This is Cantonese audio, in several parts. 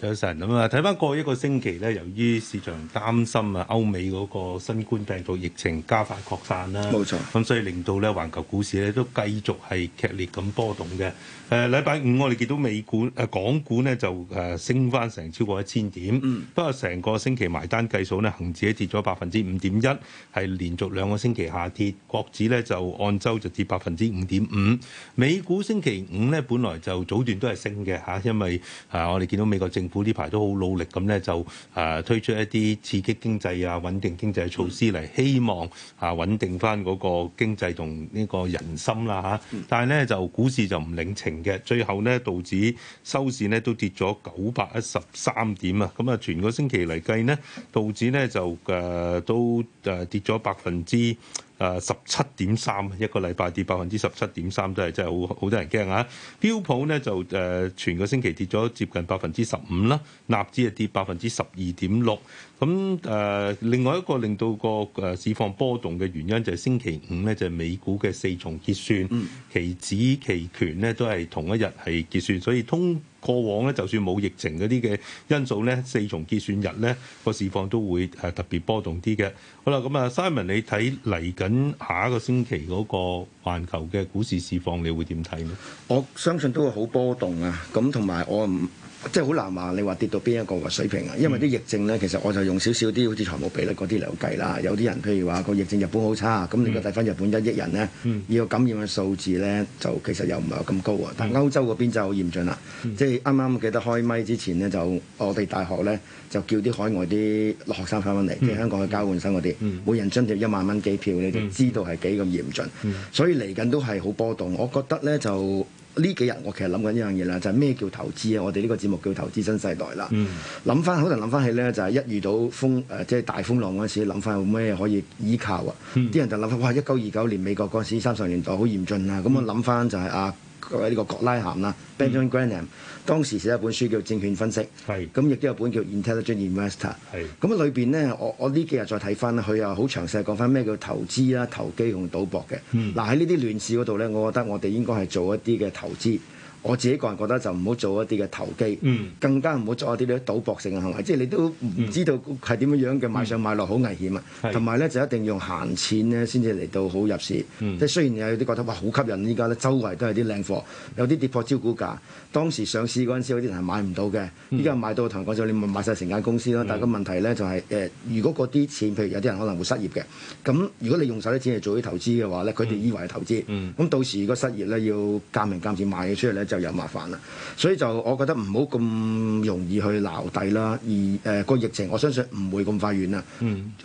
早晨，咁啊！睇翻過去一個星期咧，由於市場擔心啊歐美嗰個新冠病毒疫情加快擴散啦，冇錯。咁所以令到咧，環球股市咧都繼續係劇烈咁波動嘅。誒禮拜五我哋見到美股誒、啊、港股呢就誒升翻成超過一千點。嗯。不過成個星期埋單計數呢，恒指跌咗百分之五點一，係連續兩個星期下跌。國指咧就按週就跌百分之五點五。美股星期五咧，本來就早段都係升嘅嚇，因為啊我哋見到美國政府呢排都好努力咁咧，就誒、呃、推出一啲刺激經濟啊、穩定經濟嘅措施嚟，希望嚇穩定翻嗰個經濟同呢個人心啦嚇、啊。但係咧就股市就唔領情嘅，最後咧道指收市呢都跌咗九百一十三點啊！咁啊，全個星期嚟計呢，道指咧就誒、呃、都誒跌咗百分之。誒十七點三一個禮拜跌百分之十七點三，都係真係好好多人驚啊！標普呢就誒、呃、全個星期跌咗接近百分之十五啦，納指啊跌百分之十二點六。咁、呃、誒另外一個令到個誒市況波動嘅原因就係星期五呢，就係、美股嘅四重結算，期、嗯、指期權呢都係同一日係結算，所以通。過往咧，就算冇疫情嗰啲嘅因素咧，四重結算日咧個市況都會誒特別波動啲嘅。好啦，咁啊，Simon，你睇嚟緊下一個星期嗰個環球嘅股市市況，你會點睇呢？我相信都會好波動啊！咁同埋我唔。即係好難話，你話跌到邊一個水平啊？因為啲疫症咧，其實我就用少少啲好似財務比率嗰啲嚟計啦。有啲人譬如話個疫症日本好差，咁你個睇翻日本一億人咧，要感染嘅數字咧，就其實又唔係咁高啊。但係歐洲嗰邊就好嚴峻啦。嗯、即係啱啱記得開麥之前呢，就我哋大學咧就叫啲海外啲落學生翻嚟，即係、嗯、香港嘅交換生嗰啲，每人津貼一萬蚊機票，你就知道係幾咁嚴峻。嗯、所以嚟緊都係好波動，我覺得咧就。就呢幾日我其實諗緊一樣嘢啦，就係、是、咩叫投資啊？我哋呢個節目叫投資新世代啦。諗翻、嗯，可能諗翻起咧，就係、是、一遇到風誒，即、呃、係、就是、大風浪嗰陣時，諗翻有咩可以依靠啊？啲、嗯、人就諗翻，哇！一九二九年美國嗰陣時，三十年代好嚴峻啊，咁我諗翻就係、是、啊，呢、這個郭拉咸啦，Benjamin Graham。Ben 當時寫一本書叫《證券分析》，咁是亦都有本叫《Intelligent Investor》。咁啊是，裏邊咧，我我呢幾日再睇翻佢又好詳細講翻咩叫投資呀、投機同賭博嘅。嗱，喺呢啲亂市嗰度咧，我覺得我哋應該係做一啲嘅投資。我自己個人覺得就唔好做一啲嘅投機，嗯、更加唔好做一啲啲賭博性嘅行為，嗯、即係你都唔知道係點樣樣嘅、嗯、買上買落好危險啊！同埋咧就一定要用閒錢咧先至嚟到好入市，嗯、即係雖然有啲覺得哇好吸引，依家咧周圍都係啲靚貨，有啲跌破招股價，當時上市嗰陣時有啲人係買唔到嘅，依家、嗯、買到同我講就你咪買曬成間公司咯。但係個問題咧就係誒，如果嗰啲錢，譬如有啲人可能會失業嘅，咁如果你用曬啲錢嚟做啲投資嘅話咧，佢哋以為係投資，咁、嗯、到時如果失業咧要夾命夾錢賣嘢出嚟咧就。有麻煩啦，所以就我覺得唔好咁容易去撈底啦。而誒個疫情，我相信唔會咁快完啦。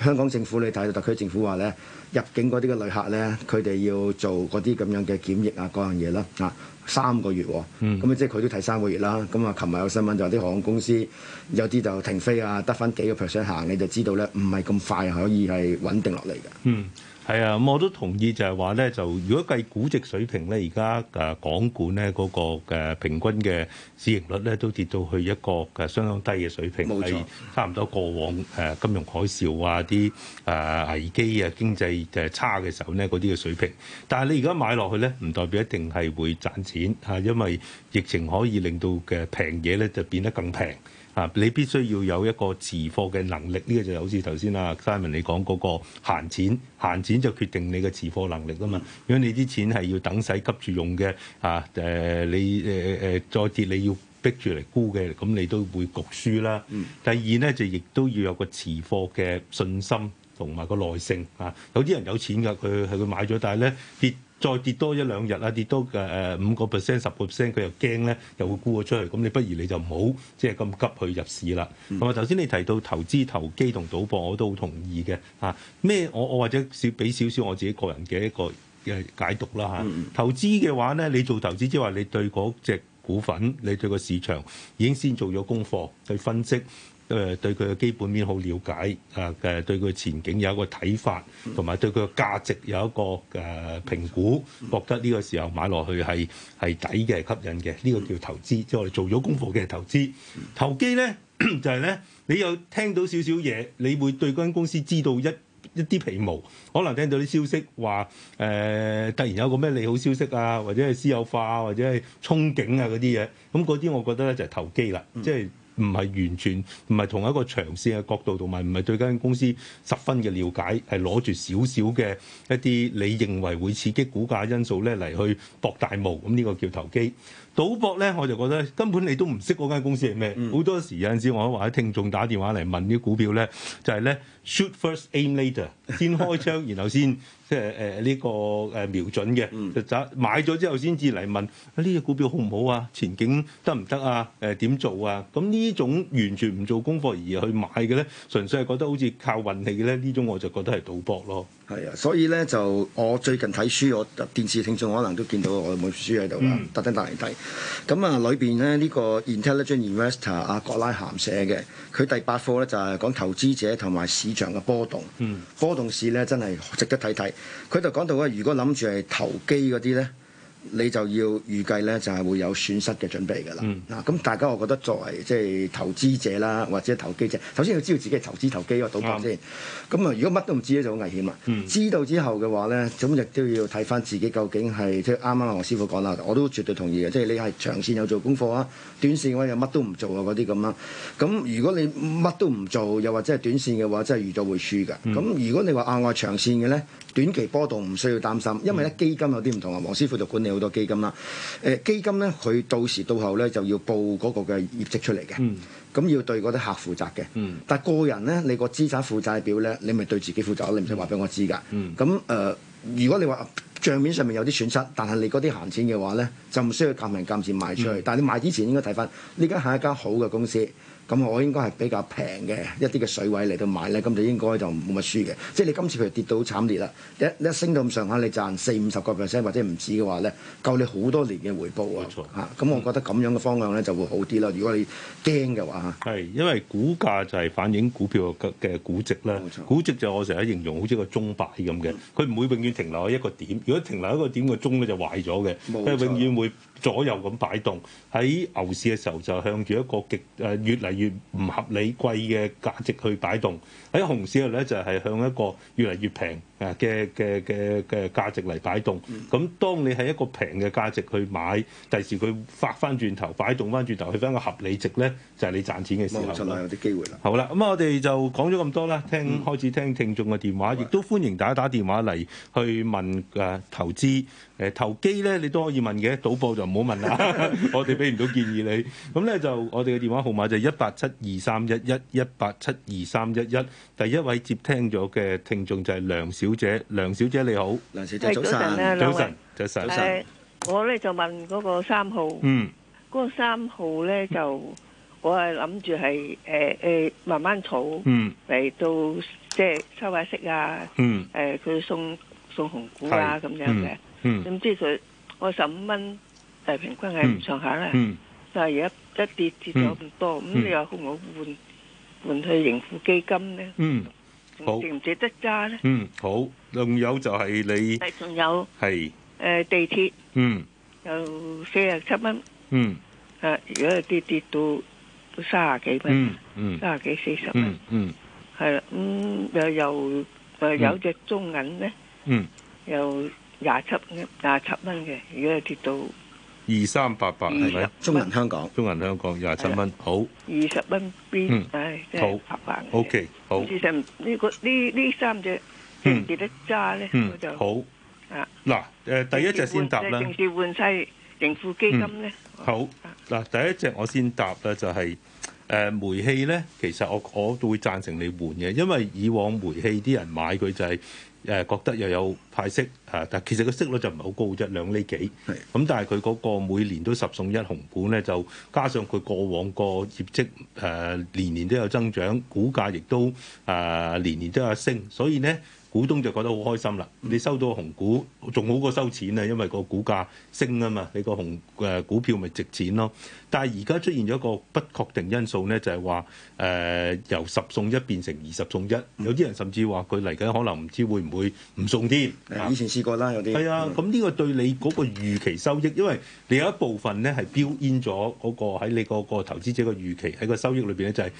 香港政府你睇，特區政府話咧，入境嗰啲嘅旅客咧，佢哋要做嗰啲咁樣嘅檢疫啊，嗰樣嘢啦，啊三個月，咁啊即係佢都睇三個月啦。咁、嗯、啊，琴日有新聞就有啲航空公司有啲就停飛啊，得返幾個 percent 行，你就知道咧，唔係咁快可以係穩定落嚟嘅。嗯係啊，咁我都同意就係話咧，就如果計估值水平咧，而家誒港股咧嗰個平均嘅市盈率咧，都跌到去一個誒相當低嘅水平，係冇錯，差唔多過往誒金融海嘯啊啲誒危機啊經濟誒差嘅時候咧嗰啲嘅水平。但係你而家買落去咧，唔代表一定係會賺錢嚇，因為疫情可以令到嘅平嘢咧就變得更平。啊！你必須要有一個持貨嘅能力，呢、這個就好似頭先啊 Simon 你講嗰個閒錢，閒錢就決定你嘅持貨能力啊嘛。如果、嗯、你啲錢係要等使急住用嘅，啊誒、呃、你誒誒、呃、再跌你要逼住嚟沽嘅，咁你都會焗輸啦。嗯、第二咧就亦都要有個持貨嘅信心同埋個耐性啊。有啲人有錢㗎，佢係佢買咗，但係咧跌。再跌多一兩日啊，跌多誒五個 percent 十個 percent，佢又驚咧，又會沽咗出去。咁你不如你就唔好即係咁急去入市啦。同埋頭先你提到投資、投機同賭博，我都好同意嘅嚇。咩、啊、我我或者少俾少少我自己個人嘅一個嘅解讀啦嚇。啊嗯、投資嘅話咧，你做投資即係話你對嗰隻股份，你對個市場已經先做咗功課去分析。誒對佢嘅基本面好了解，誒嘅對佢前景有一個睇法，同埋對佢嘅價值有一個誒評估，嗯、覺得呢個時候買落去係係抵嘅，吸引嘅，呢、這個叫投資，即係我哋做咗功課嘅投資。投機咧 就係、是、咧，你有聽到少少嘢，你會對嗰間公司知道一一啲皮毛，可能聽到啲消息話誒、呃、突然有個咩利好消息啊，或者係私有化，或者係憧憬啊嗰啲嘢，咁嗰啲我覺得咧就係投機啦，即係、嗯。唔係完全唔係同一個長線嘅角度，同埋唔係對間公司十分嘅了解，係攞住少少嘅一啲你認為會刺激股價嘅因素咧嚟去博大霧，咁、這、呢個叫投機。賭博咧，我就覺得根本你都唔識嗰間公司係咩。好、嗯、多時有陣時，我或者聽眾打電話嚟問啲股票咧，就係、是、咧 shoot first aim later，先開槍然後先。 即係誒呢個誒瞄準嘅，就就、嗯、買咗之後先至嚟問，呢、這、隻、個、股票好唔好啊？前景得唔得啊？誒、呃、點做啊？咁呢種完全唔做功課而去買嘅咧，純粹係覺得好似靠運氣嘅咧，呢種我就覺得係賭博咯。係啊，所以咧就我最近睇書，我電視聽眾可能都見到我有本書喺度㗎，特登帶嚟睇。咁啊，裏邊咧呢、這個 Intelligent Investor 阿葛拉咸寫嘅，佢第八課咧就係講投資者同埋市場嘅波動。嗯、波動市咧真係值得睇睇。佢就講到話，如果諗住係投機嗰啲咧。你就要預計咧，就係、是、會有損失嘅準備㗎啦。嗱、嗯啊，咁大家我覺得作為即係投資者啦，或者投機者，首先要知道自己係投資、投機或賭博先。咁啊，如果乜都唔知咧，就好危險啦。嗯、知道之後嘅話咧，咁亦都要睇返自己究竟係即係啱啱黃師傅講啦，我都絕對同意嘅。即、就、係、是、你係長線有做功課啊，短線嘅話又乜都唔做啊，嗰啲咁啦。咁如果你乜都唔做，又或者係短線嘅話，真係預咗會輸㗎。咁、嗯、如果你話啊，我係長線嘅咧，短期波動唔需要擔心，因為咧基金有啲唔同啊。黃師傅就管理。好多基金啦，誒基金咧，佢到時到後咧就要報嗰個嘅業績出嚟嘅，咁、嗯、要對嗰啲客負責嘅。嗯、但個人咧，你個資產負債表咧，你咪對自己負責，你唔使話俾我知㗎。咁誒、嗯嗯呃，如果你話帳面上面有啲損失，但係你嗰啲閒錢嘅話咧，就唔需要急明急時賣出去。嗯、但係你賣之前應該睇翻，呢間係一間好嘅公司。咁我應該係比較平嘅一啲嘅水位嚟到買咧，咁就應該就冇乜輸嘅。即係你今次譬如跌到好慘烈啦，一一升到咁上下，你賺四五十個 percent 或者唔止嘅話咧，夠你好多年嘅回報錯啊！冇錯，咁我覺得咁樣嘅方向咧就會好啲啦。如果你驚嘅話嚇，係因為股價就係反映股票嘅嘅估值啦。錯估值就我成日形容好似個鐘擺咁嘅，佢唔、嗯、會永遠停留喺一個點。如果停留喺一個點個鐘咧就壞咗嘅，佢錯永遠會。左右咁擺動，喺牛市嘅時候就向住一個極誒、呃、越嚟越唔合理貴嘅價值去擺動；喺熊市嘅咧就係、是、向一個越嚟越平。誒嘅嘅嘅嘅價值嚟擺動咁當你係一個平嘅價值去買，第時佢發翻轉頭擺動翻轉頭去翻個合理值咧，就係、是、你賺錢嘅時候啦。有啲機會啦。好啦，咁我哋就講咗咁多啦，聽開始聽聽眾嘅電話，亦、嗯、都歡迎大家打電話嚟去問誒、啊、投資誒投機咧，你都可以問嘅，賭博就唔好問啦， 我哋俾唔到建議你。咁咧就我哋嘅電話號碼就係一八七二三一一一八七二三一一，第一位接聽咗嘅聽眾就係梁小姐梁小姐你好，梁小姐早晨，早晨，早晨。Uh, 我咧就問嗰個三號，嗯，嗰個三號咧就我係諗住係誒誒慢慢儲，嚟、嗯、到即係收下息啊，嗯，誒佢、呃、送送紅股啊咁樣嘅，嗯，咁即係我十五蚊大平均係唔上下啦，嗯、但係而家一跌跌咗咁多，咁你話好唔好換換去盈富基金咧？嗯。好值唔值得揸咧？嗯，好，仲有就係你，係仲有係誒是、呃，地鐵，嗯，有四十七蚊，嗯，如果係跌跌到三十幾蚊，嗯，三十幾四十蚊，嗯，係啦，咁又又誒有隻中銀咧，嗯，又廿七廿七蚊嘅，如果係跌到。二三八八係咪？中銀香港，中銀香港廿七蚊，好。二十蚊 B，唉，好八八。OK，好。其實呢個呢呢三隻，唔記得揸咧，我就好。啊，嗱，誒，第一隻先答啦。同時換晒盈富基金咧。好，嗱，第一隻我先答咧，就係。誒煤氣咧，其實我我都會贊成你換嘅，因為以往煤氣啲人買佢就係誒覺得又有派息啊，但其實個息率就唔係好高啫，兩厘幾。係咁，但係佢嗰個每年都十送一紅股咧，就加上佢過往個業績誒年年都有增長，股價亦都誒年年都有升，所以呢。股東就覺得好開心啦！你收到紅股仲好過收錢啊，因為個股價升啊嘛，你個紅誒股票咪值錢咯。但係而家出現咗一個不確定因素咧，就係話誒由十送一變成二十送一、嗯，有啲人甚至話佢嚟緊可能唔知會唔會唔送添。嗯、以前試過啦，有啲係啊。咁呢、嗯、個對你嗰個預期收益，因為你有一部分咧係飆煙咗嗰個喺你嗰個投資者嘅預期喺個收益裏邊咧就係、是。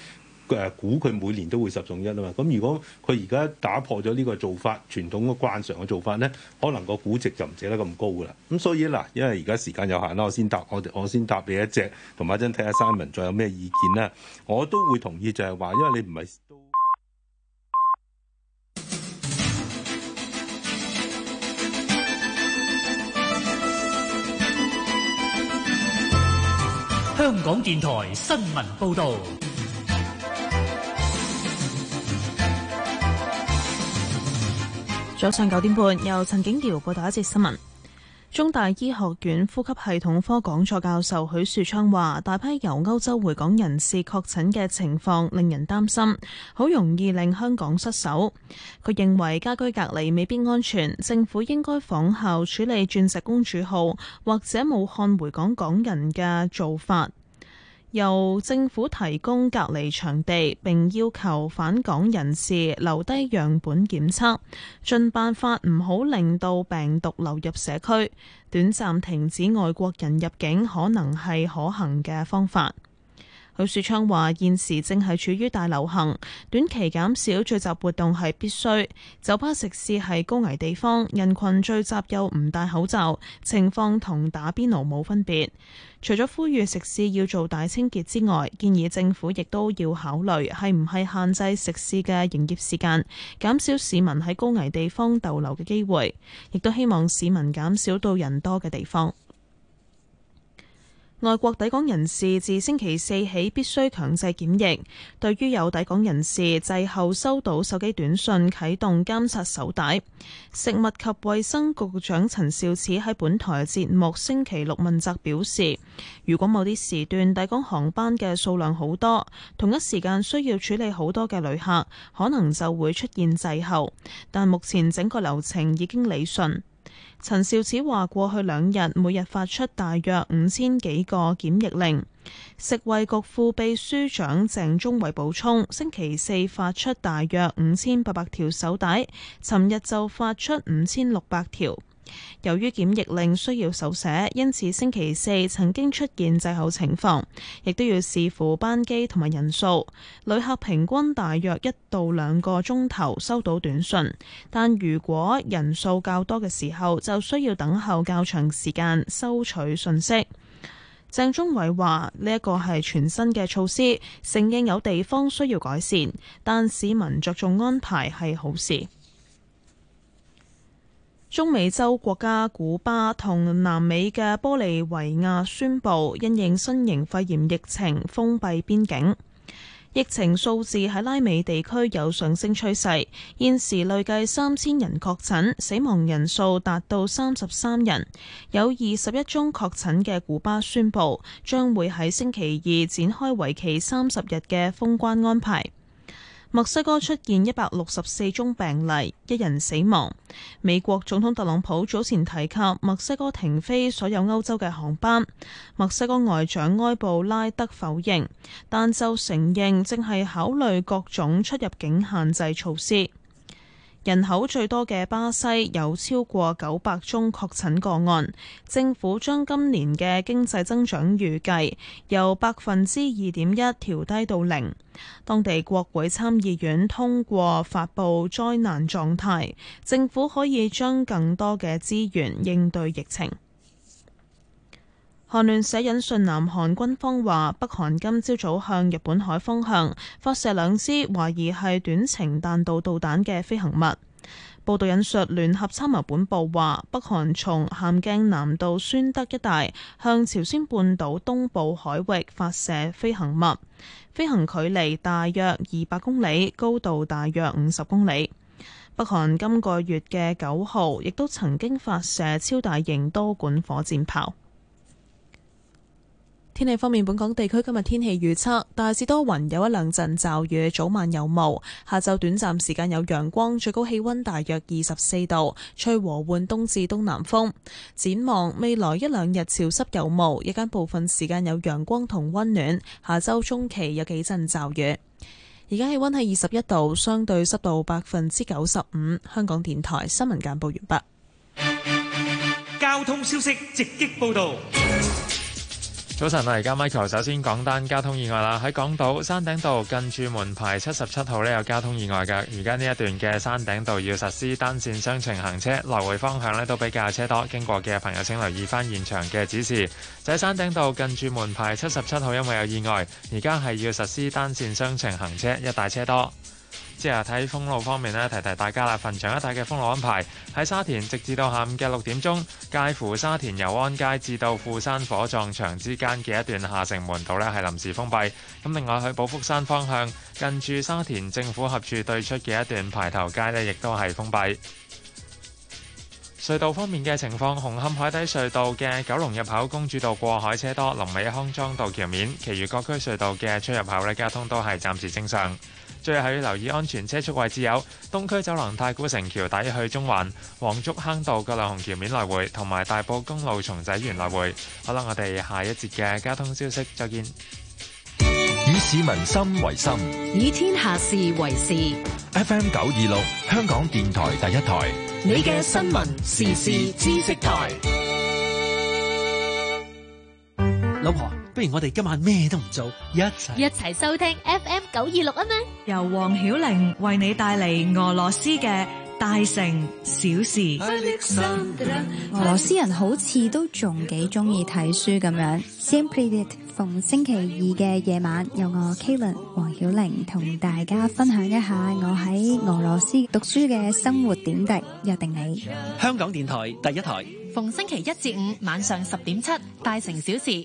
誒估佢每年都會十中一啊嘛，咁如果佢而家打破咗呢個做法，傳統嘅慣常嘅做法咧，可能個估值就唔值得咁高噶啦。咁所以嗱，因為而家時間有限啦，我先答我我先答你一隻，同埋一陣睇下 Simon 再有咩意見咧，我都會同意就係話，因為你唔係香港電台新聞報導。早上九點半，由陳景瑤報道一節新聞。中大醫學院呼吸系統科講座教授許樹昌話，大批由歐洲回港人士確診嘅情況令人擔心，好容易令香港失守。佢認為家居隔離未必安全，政府應該仿效處理鑽石公主號，或者武漢回港港人嘅做法。由政府提供隔離場地，並要求返港人士留低樣本檢測，盡辦法唔好令到病毒流入社區。短暫停止外國人入境可能係可行嘅方法。許樹昌話：現時正係處於大流行，短期減少聚集活動係必須。酒吧食肆係高危地方，人群聚集又唔戴口罩，情況同打邊爐冇分別。除咗呼籲食肆要做大清潔之外，建議政府亦都要考慮係唔係限制食肆嘅營業時間，減少市民喺高危地方逗留嘅機會，亦都希望市民減少到人多嘅地方。外國抵港人士自星期四起必須強制檢疫。對於有抵港人士滯後收到手機短信，啟動監察手帶。食物及衛生局局長陳肇始喺本台節目星期六問責表示，如果某啲時段抵港航班嘅數量好多，同一時間需要處理好多嘅旅客，可能就會出現滯後。但目前整個流程已經理順。陳肇始話：過去兩日每日發出大約五千幾個檢疫令。食衛局副秘書長鄭中偉補充，星期四發出大約五千八百條手帶，尋日就發出五千六百條。由於檢疫令需要手寫，因此星期四曾經出現滯後情況，亦都要視乎班機同埋人數。旅客平均大約一到兩個鐘頭收到短信，但如果人數較多嘅時候，就需要等候較長時間收取信息。鄭中偉話：呢一個係全新嘅措施，承認有地方需要改善，但市民着重安排係好事。中美洲國家古巴同南美嘅玻利維亞宣布因應新型肺炎疫情封閉邊境。疫情數字喺拉美地區有上升趨勢，現時累計三千人確診，死亡人數達到三十三人。有二十一宗確診嘅古巴宣布將會喺星期二展開為期三十日嘅封關安排。墨西哥出現一百六十四宗病例，一人死亡。美國總統特朗普早前提及墨西哥停飛所有歐洲嘅航班。墨西哥外長埃布拉德否認，但就承認正係考慮各種出入境限制措施。人口最多嘅巴西有超過九百宗確診個案，政府將今年嘅經濟增長預計由百分之二點一調低到零。當地國會參議院通過發佈災難狀態，政府可以將更多嘅資源應對疫情。韓聯社引述南韓軍方話，北韓今朝早向日本海方向發射兩支懷疑係短程彈道導彈嘅飛行物。報道引述聯合參謀本部話，北韓從咸鏡南道宣德一帶向朝鮮半島東部海域發射飛行物，飛行距離大約二百公里，高度大約五十公里。北韓今個月嘅九號亦都曾經發射超大型多管火箭炮。天氣方面，本港地區今日天氣預測大致多雲，有一兩陣驟雨，早晚有霧，下晝短暫時間有陽光，最高氣溫大約二十四度，吹和緩東至東南風。展望未來一兩日潮濕有霧，日間部分時間有陽光同溫暖，下周中期有幾陣驟雨。而家氣溫係二十一度，相對濕度百分之九十五。香港電台新聞簡報完畢。交通消息直擊報道。早晨啊！而家 Michael 首先講單交通意外啦，喺港島山頂道近住門牌七十七號呢，有交通意外嘅，而家呢一段嘅山頂道要實施單線雙程行車，來回方向呢都比較車多，經過嘅朋友請留意翻現場嘅指示。就喺山頂道近住門牌七十七號，因為有意外，而家係要實施單線雙程行車，一大車多。之後睇封路方面咧，提提大家啦。墳場一帶嘅封路安排喺沙田，直至到下午嘅六點鐘，介乎沙田油安街至到富山火葬場之間嘅一段下城門道咧，係臨時封閉。咁另外去寶福山方向，近住沙田政府合署對出嘅一段排頭街呢，亦都係封閉。隧道方面嘅情況，紅磡海底隧道嘅九龍入口公主道過海車多，龍尾康莊道橋面，其餘各區隧道嘅出入口呢，交通都係暫時正常。最後要留意安全車速位置有東區走廊太古城橋底去中環、黃竹坑道過亮紅橋面來回，同埋大埔公路松仔園來回。好啦，我哋下一節嘅交通消息，再見。以市民心為心，以天下事為事。FM 九二六，香港電台第一台，你嘅新聞時事知識台。老婆。不如我哋今晚咩都唔做，一齊一齊收聽 FM 九二六啊！咩？由黃曉玲為你帶嚟俄羅斯嘅大城小事。俄羅斯人好似都仲幾中意睇書咁樣。Simply it，逢星期二嘅夜晚，由我 Kalen 黃曉玲同大家分享一下我喺俄羅斯讀書嘅生活點滴。約定你，香港電台第一台，逢星期一至五晚上十點七，大城小事。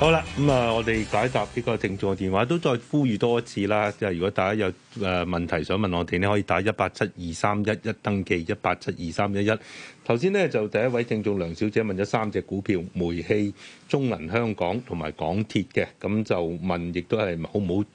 好啦，咁、嗯、啊，我哋解答呢個聽眾嘅電話，都再呼籲多一次啦。即係如果大家有誒問題想問我哋咧，你可以打一八七二三一一登記，一八七二三一一。頭先呢，就第一位聽眾梁小姐問咗三隻股票，煤氣、中銀香港同埋港鐵嘅，咁就問亦都係好唔好轉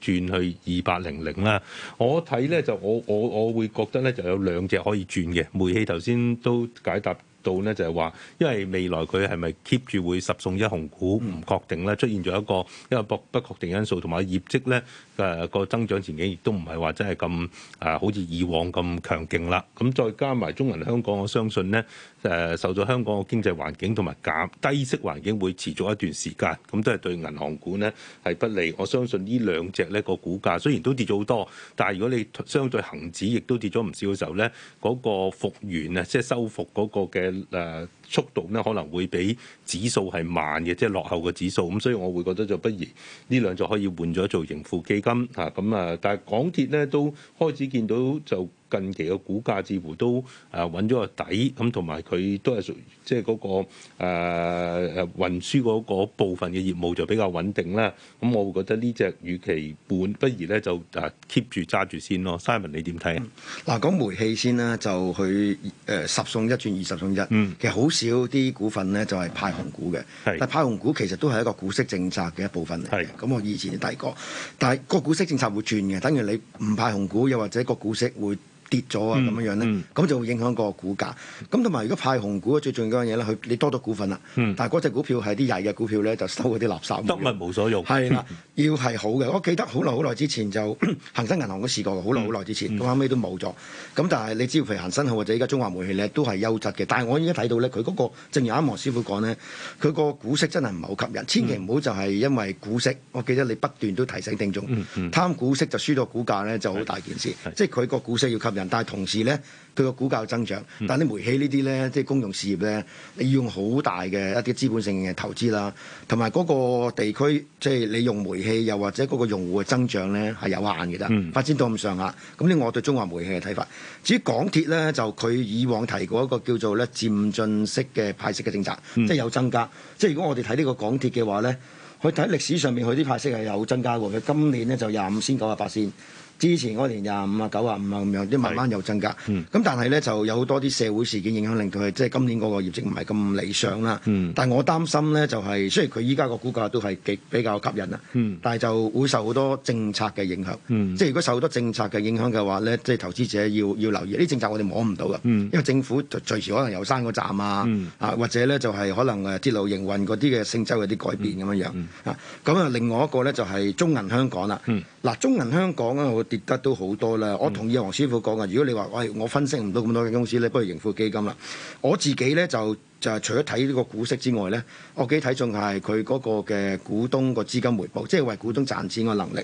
去二八零零啦。我睇呢，就我我我會覺得呢，就有兩隻可以轉嘅，煤氣頭先都解答。到咧就係話，因為未來佢係咪 keep 住會十送一紅股唔確定咧，出現咗一個因為不不確定因素，同埋業績咧誒個增長前景亦都唔係話真係咁啊，好似以往咁強勁啦。咁再加埋中銀香港，我相信咧。誒受咗香港嘅經濟環境同埋減低息環境會持續一段時間，咁都係對銀行股呢，係不利。我相信呢兩隻呢個股價雖然都跌咗好多，但係如果你相對恒指亦都跌咗唔少嘅時候呢，嗰個復原啊，即係修復嗰個嘅誒速度呢，可能會比指數係慢嘅，即係落後嘅指數，咁所以我會覺得就不如呢兩隻可以換咗做盈富基金嚇。咁啊，但係港鐵呢都開始見到就。近期嘅股價似乎都誒揾咗個底，咁同埋佢都係屬於即係嗰個誒、呃、運輸嗰個部分嘅業務就比較穩定啦。咁我會覺得呢隻與其換，不如咧就誒 keep 住揸住先咯。Simon 你點睇啊？嗱、嗯，講煤氣先啦，就佢誒十送一轉二十送一、嗯，其實好少啲股份咧就係派紅股嘅。是但派紅股其實都係一個股息政策嘅一部分嚟嘅。咁我是、嗯、以前提過，但係個股息政策會轉嘅，等於你唔派紅股，又或者個股息會。跌咗啊，咁、嗯嗯、樣樣咧，咁就會影響個股價。咁同埋如果派紅股咧，最重要嗰樣嘢咧，佢你多咗股份啦，嗯、但係嗰隻股票係啲曳嘅股票咧，就收嗰啲垃圾，得物無所用。係啦的，嗯、要係好嘅。我記得好耐好耐之前就恒、嗯、 生銀行都試過，好耐好耐之前，咁、嗯、後尾都冇咗。咁但係你只要譬如恒生號或者依家中華煤氣咧，都係優質嘅。但係我依家睇到咧，佢嗰個正如啱啱師傅講咧，佢個股息真係唔係好吸引。千祈唔好就係因為股息。我記得你不斷都提醒聽眾，嗯嗯嗯、貪股息就輸咗股價咧，就好大件事。是即係佢個股息要吸引。但係同時咧，佢個股價有增長，但係啲煤氣呢啲咧，即係公用事業咧，你要用好大嘅一啲資本性嘅投資啦，同埋嗰個地區即係、就是、你用煤氣又或者嗰個用戶嘅增長咧係有限嘅咋、嗯、發展到咁上下。咁呢，我對中華煤氣嘅睇法。至於港鐵咧，就佢以往提過一個叫做咧漸進式嘅派息嘅政策，嗯、即係有增加。即係如果我哋睇呢個港鐵嘅話咧，佢睇歷史上面佢啲派息係有增加嘅。佢今年咧就廿五千九廿八先。之前嗰年廿五啊九啊五啊咁樣，啲慢慢又增加。咁但係咧就有好多啲社會事件影響，令到佢，即係今年嗰個業績唔係咁理想啦。但係我擔心咧就係，雖然佢依家個股價都係幾比較吸引啦，但係就會受好多政策嘅影響。即係如果受好多政策嘅影響嘅話咧，即係投資者要要留意啲政策，我哋摸唔到㗎。因為政府隨時可能有三個站啊，啊或者咧就係可能誒鐵路營運嗰啲嘅性質有啲改變咁樣樣啊。咁啊，另外一個咧就係中銀香港啦。嗱，中銀香港咧跌得都好多啦，我同意黃師傅講嘅。如果你話喂，我分析唔到咁多嘅公司，你不如盈富基金啦。我自己咧就就係除咗睇呢個股息之外咧，我幾睇重係佢嗰個嘅股東個資金回報，即係為股東賺錢嘅能力。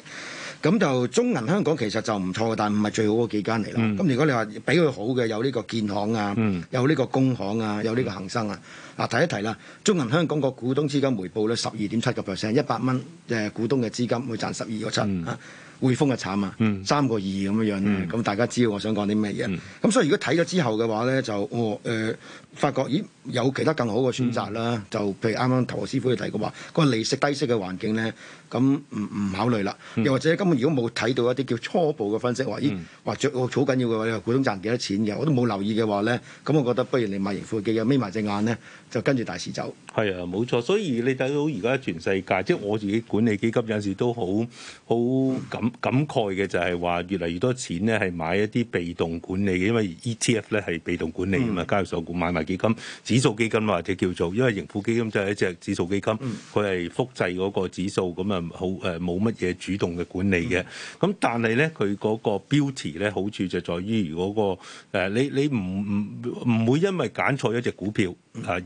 咁就中銀香港其實就唔錯嘅，但係唔係最好嗰幾間嚟咯。咁、嗯、如果你話比佢好嘅，有呢個建行啊，有呢個工行啊，有呢個恒生啊。嗱、嗯，提一提啦，中銀香港個股東資金回報咧十二點七個 percent，一百蚊嘅股東嘅資金會賺十二個七啊。嗯匯豐嘅慘啊，三個二咁樣樣咁，大家知道我想講啲咩嘢。咁所以如果睇咗之後嘅話咧，就我誒發覺，咦，有其他更好嘅選擇啦。就譬如啱啱頭師傅去提過話，個利息低息嘅環境咧，咁唔唔考慮啦。又或者根本如果冇睇到一啲叫初步嘅分析話，咦話著個好緊要嘅話，你話股東賺幾多錢嘅，我都冇留意嘅話咧，咁我覺得不如你買盈富基金，眯埋隻眼咧，就跟住大市走。係啊，冇錯。所以你睇到而家全世界，即係我自己管理基金有陣時都好好咁。感慨嘅就係話越嚟越多錢咧係買一啲被動管理，因為 ETF 咧係被動管理啊嘛，加入手股買賣基金、指數基金或者叫做，因為盈富基金就係一隻指數基金，佢係複製嗰個指數，咁啊好誒冇乜嘢主動嘅管理嘅。咁、嗯、但係咧佢嗰個標題咧好處就在於、那個，如果個你你唔唔唔會因為揀錯一隻股票。啊，而誒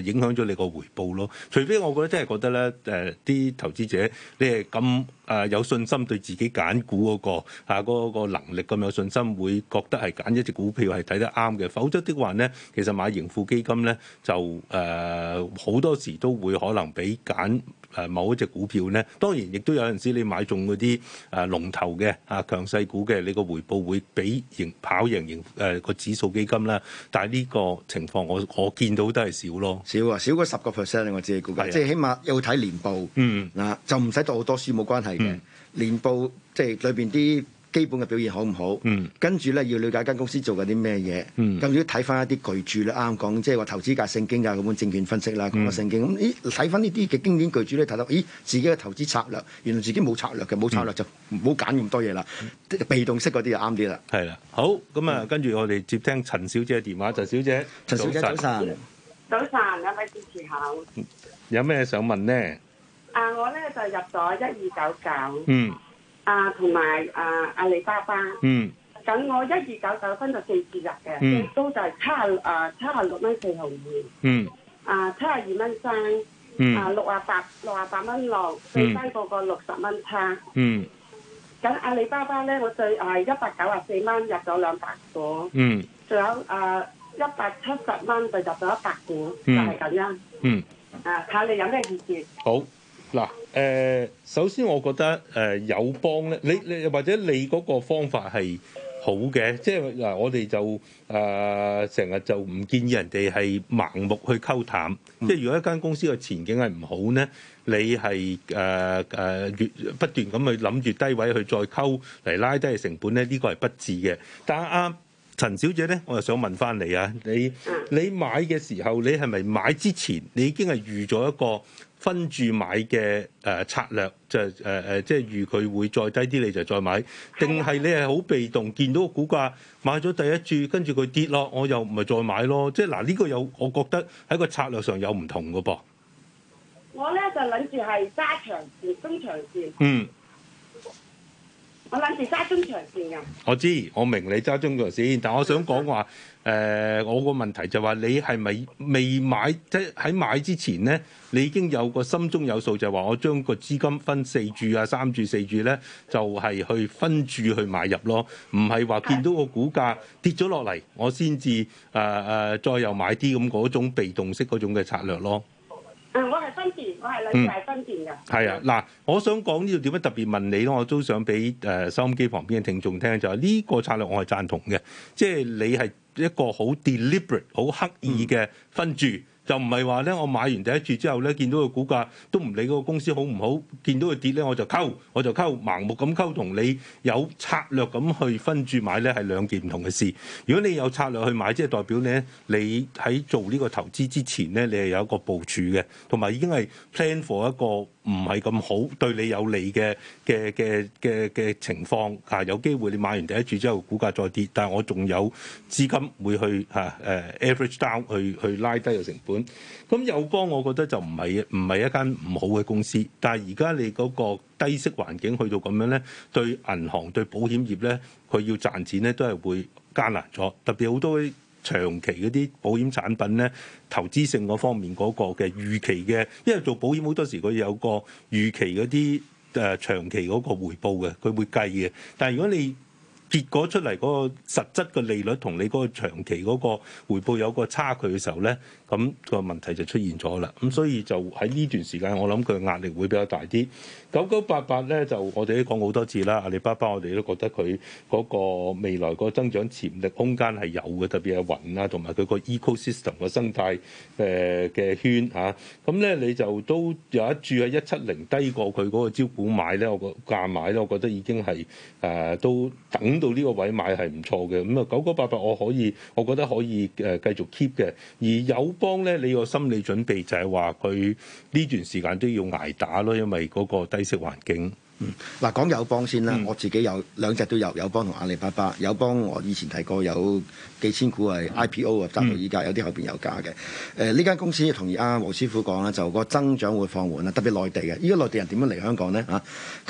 影響咗你個回報咯。除非我覺得真係覺得咧，誒、呃、啲投資者你係咁啊有信心對自己揀股嗰、嗰個啊嗰、嗰個能力咁有信心，會覺得係揀一隻股票係睇得啱嘅。否則的話咧，其實買盈富基金咧就誒好、呃、多時都會可能畀揀。誒某一隻股票咧，當然亦都有陣時你買中嗰啲誒龍頭嘅啊強勢股嘅，你個回報會比贏跑贏盈誒個指數基金啦。但係呢個情況我，我我見到都係少咯，少啊，少過十個 percent 我自己估計。是的 即係起碼要睇年報，嗯，嗱，就唔使讀好多書冇關係嘅，嗯、年報即係裏邊啲。基本嘅表現好唔好？跟住咧要了解間公司做緊啲咩嘢？咁要睇翻一啲巨著咧，啱講即係話投資界聖經啊，嗰本證券分析啦，嗰本聖經咁，咦睇翻呢啲嘅經典巨著咧，睇到咦自己嘅投資策略原來自己冇策略嘅，冇策略就唔好揀咁多嘢啦，被動式嗰啲就啱啲啦。係啦，好，咁啊，跟住我哋接聽陳小姐嘅電話，陳小姐，陳小姐早晨，早晨，有咩支持下？有咩想問呢？啊，我咧就入咗一二九九。嗯。啊，同埋啊，阿里巴巴。嗯。咁我一二九九分咗四次入嘅，嗯、都就係七啊，誒七啊六蚊四毫二。嗯。啊，七啊二蚊三。嗯。啊，六啊八，六啊八蚊六，最低嗰個六十蚊差。嗯。咁阿里巴巴咧，我最係一百九啊四蚊入咗兩百股。嗯。仲有誒一百七十蚊就入咗一百股，就係咁樣。嗯。啊，睇下你有咩意見。好。嗱，誒，首先我覺得誒有幫咧，你你或者你嗰個方法係好嘅，即係嗱，我、呃、哋就誒成日就唔建議人哋係盲目去溝淡，嗯、即係如果一間公司嘅前景係唔好咧，你係誒誒越不斷咁去諗越低位去再溝嚟拉低嘅成本咧，呢、這個係不智嘅。但啱、啊、陳小姐咧，我又想問翻你啊，你你買嘅時候，你係咪買之前你已經係預咗一個？分住買嘅誒、呃、策略，就誒誒，即係預佢會再低啲，你就再買；定係你係好被動，見到股價買咗第一注，跟住佢跌咯，我又唔係再買咯。即係嗱，呢、呢個有我覺得喺個策略上有唔同嘅噃。我咧就諗住係揸長線、中長線。嗯。我諗住揸中長線嘅，我知我明你揸中長線，但我想講話誒，我個問題就係話你係咪未買即係喺買之前呢，你已經有個心中有數，就係話我將個資金分四注啊、三注、四注呢，就係去分注去買入咯，唔係話見到個股價跌咗落嚟，我先至誒誒再又買啲咁嗰種被動式嗰種嘅策略咯。誒，我係分店，我係禮拜分店嘅。係啊，嗱，我想講呢度點樣特別問你咯，我都想俾誒、呃、收音機旁邊嘅聽眾聽，就係、是、呢個策略我係贊同嘅，即、就、係、是、你係一個好 deliberate、好刻意嘅分住。嗯嗯。就唔係話咧，我買完第一次之後咧，見到個股價都唔理嗰個公司好唔好，見到佢跌咧我就溝，我就溝，盲目咁溝同你有策略咁去分注買咧係兩件唔同嘅事。如果你有策略去買，即係代表咧，你喺做呢個投資之前咧，你係有一個部署嘅，同埋已經係 plan for 一個唔係咁好對你有利嘅嘅嘅嘅嘅情況嚇、啊，有機會你買完第一注之後股價再跌，但係我仲有資金會去嚇誒、啊啊、average down 去去拉低個成本。咁友邦，我覺得就唔係唔係一間唔好嘅公司，但係而家你嗰個低息環境去到咁樣呢，對銀行對保險業呢，佢要賺錢呢，都係會艱難咗，特別好多。長期嗰啲保險產品咧，投資性嗰方面嗰個嘅預期嘅，因為做保險好多時佢有個預期嗰啲誒長期嗰個回報嘅，佢會計嘅。但係如果你結果出嚟嗰個實質嘅利率同你嗰個長期嗰個回報有個差距嘅時候咧，咁、佢個問題就出現咗啦。咁所以就喺呢段時間，我諗佢壓力會比較大啲。九九八八咧，就我哋都講好多次啦。阿里巴巴我哋都覺得佢嗰個未來嗰個增長潛力空間係有嘅，特別係雲啊同埋佢個 ecosystem 個生態誒嘅、呃、圈嚇。咁、啊、咧你就都有一注喺一七零低過佢嗰個招股買咧，我個價買咧，我覺得已經係誒、呃、都等。到呢個位買係唔錯嘅，咁啊九九八八我可以，我覺得可以誒繼續 keep 嘅。而友邦咧，你個心理準備就係話佢呢段時間都要捱打咯，因為嗰個低息環境。嗱、嗯、講友邦先啦，嗯、我自己有兩隻都有友邦同阿里巴巴。友邦我以前提過有。幾千股係 IPO 啊，暫時依家有啲後邊有價嘅。誒呢間公司同意阿黃師傅講啦，就個增長會放緩啦，特別內地嘅。依家內地人點樣嚟香港呢？嚇？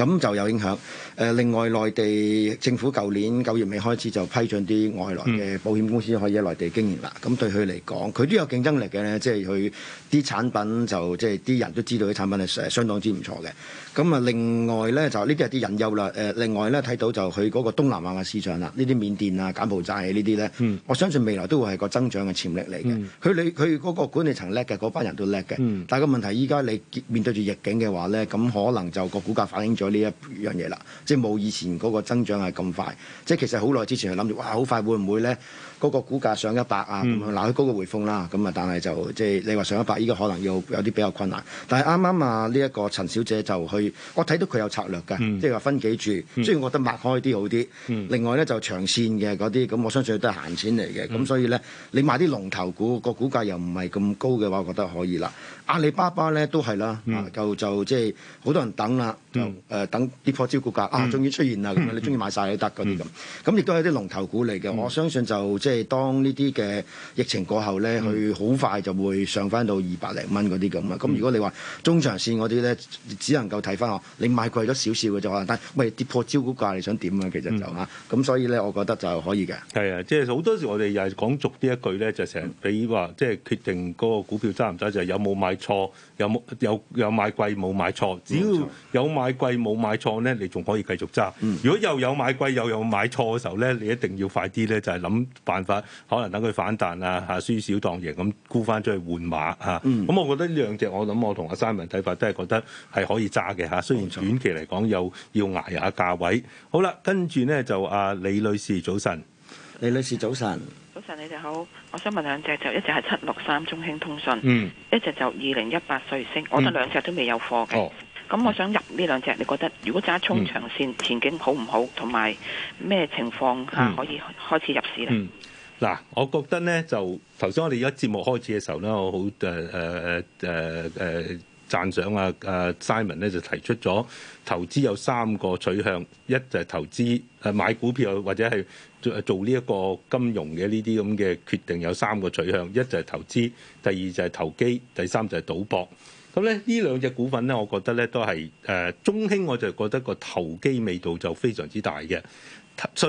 咁就有影響。誒另外內地政府舊年九月尾開始就批准啲外來嘅保險公司可以喺內地經營啦。咁對佢嚟講，佢都有競爭力嘅咧，即係佢啲產品就即係啲人都知道啲產品係相當之唔錯嘅。咁啊另外咧就呢啲係啲引誘啦。誒另外咧睇到就佢嗰個東南亞嘅市場啦，呢啲緬甸啊、柬埔寨呢啲咧。我相信未來都會係個增長嘅潛力嚟嘅，佢你佢嗰個管理層叻嘅，嗰班人都叻嘅，嗯，但係個問題依家你面對住逆境嘅話咧，咁可能就個股價反映咗呢一樣嘢啦，即係冇以前嗰個增長係咁快，即係其實好耐之前係諗住哇，好快會唔會咧？嗰個股價上一百啊，嗱，佢高個匯豐啦，咁啊、嗯，但係就即係、就是、你話上一百，依家可能要有啲比較困難。但係啱啱啊，呢一個陳小姐就去，我睇到佢有策略㗎，即係話分幾注，雖然我覺得擘開啲好啲。另外咧就長線嘅嗰啲，咁我相信都係閒錢嚟嘅，咁、嗯、所以咧你買啲龍頭股，個股價又唔係咁高嘅話，我覺得可以啦。阿里巴巴咧都係啦，就就即係好多人等啦，就誒等跌破招股價啊，終於出現啦！咁你中意買晒都得嗰啲咁，咁亦都係啲龍頭股嚟嘅。我相信就即係當呢啲嘅疫情過後咧，佢好快就會上翻到二百零蚊嗰啲咁啊。咁如果你話中長線嗰啲咧，只能夠睇翻哦，你買貴咗少少嘅就可能得。喂，跌破招股價你想點啊？其實就嚇咁，所以咧，我覺得就可以嘅。係啊，即係好多時我哋又係講俗啲一句咧，就成日俾話即係決定嗰個股票揸唔揸，就有冇買。錯又冇又又買貴冇買錯，只要有買貴冇買錯咧，你仲可以繼續揸。嗯、如果又有買貴又有買錯嘅時候咧，你一定要快啲咧，就係諗辦法，可能等佢反彈啊，吓輸少當贏咁沽翻出去換馬吓。咁、嗯、我覺得呢兩隻我諗我同阿山文睇法都係覺得係可以揸嘅吓，雖然短期嚟講又要挨下價位。好啦，跟住咧就阿李，李女士早晨，李女士早晨。早晨，你哋好。我想問兩隻就一隻係七六三中興通訊，嗯，一隻就二零一八瑞星。我覺得兩隻都未有貨嘅，咁、嗯哦、我想入呢兩隻，你覺得如果揸冲長線、嗯、前景好唔好？同埋咩情況下可以開始入市咧？嗱、嗯嗯，我覺得咧就頭先我哋而家節目開始嘅時候咧，我好誒誒誒誒誒讚賞阿阿 Simon 咧就提出咗投資有三個取向，一就係投資誒買股票或者係。做呢一個金融嘅呢啲咁嘅決定有三個取向，一就係投資，第二就係投機，第三就係賭博。咁咧呢兩隻股份咧，我覺得咧都係誒、呃、中興，我就覺得個投機味道就非常之大嘅。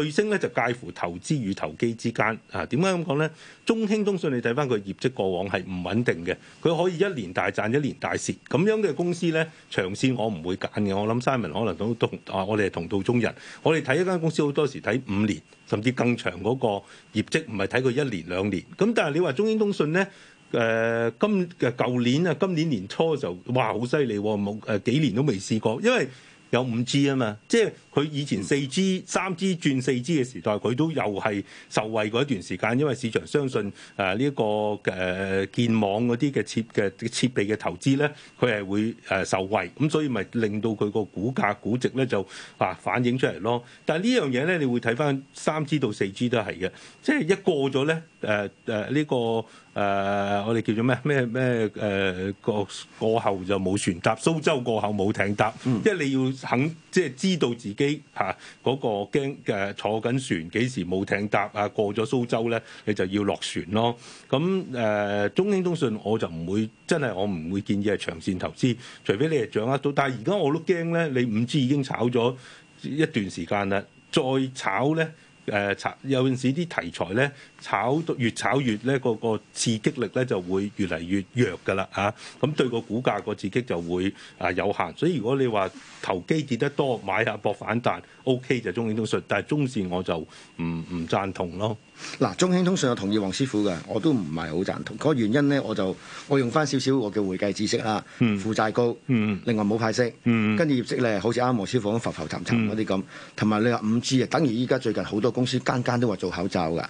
瑞聲咧就介乎投資與投機之間啊？點解咁講咧？中興通訊你睇翻佢業績過往係唔穩定嘅，佢可以一年大賺一年大蝕咁樣嘅公司咧，長線我唔會揀嘅。我諗 Simon 可能都同啊，我哋係同道中人。我哋睇一間公司好多時睇五年甚至更長嗰個業績，唔係睇佢一年兩年。咁但係你話中興通訊咧，誒、呃、今誒舊年啊，今年年初就話好犀利，冇誒幾年都未試過，因為。有五 G 啊嘛，即係佢以前四 G、三 G 轉四 G 嘅時代，佢都又係受惠過一段時間，因為市場相信誒呢、呃這個誒、呃、建網嗰啲嘅設嘅設備嘅投資咧，佢係會誒、呃、受惠，咁所以咪令到佢個股價估值咧就啊反映出嚟咯。但係呢樣嘢咧，你會睇翻三 G 到四 G 都係嘅，即係一過咗咧誒誒呢個。誒 ira，我哋叫做咩咩咩誒過過後就冇船搭，蘇州過後冇艇搭，即係你要肯即係知道自己嚇嗰個驚誒坐緊船幾時冇艇搭啊？過咗蘇州咧，你就要落船咯。咁誒，中興通訊我就唔會真係，我唔會建議係長線投資，除非你係掌握到。但係而家我都驚咧，你五 G 已經炒咗一段時間啦，再炒咧誒，有陣時啲題材咧。炒越炒越咧，個個刺激力咧就會越嚟越弱㗎喇吓。咁對個股價個刺激就會啊有限。所以如果你話投機跌得多，買下搏反彈，OK 就中興通訊。但係中線我就唔唔贊同咯。嗱，中興通訊我同意黃師傅嘅，我都唔係好贊同。個原因咧，我就我用返少少我嘅會計知識啦。負債高，另外冇派息，跟住業績咧好似啱黃師傅咁浮浮沉沉嗰啲咁。同埋你話五 G 啊，等於依家最近好多公司間間都話做口罩㗎。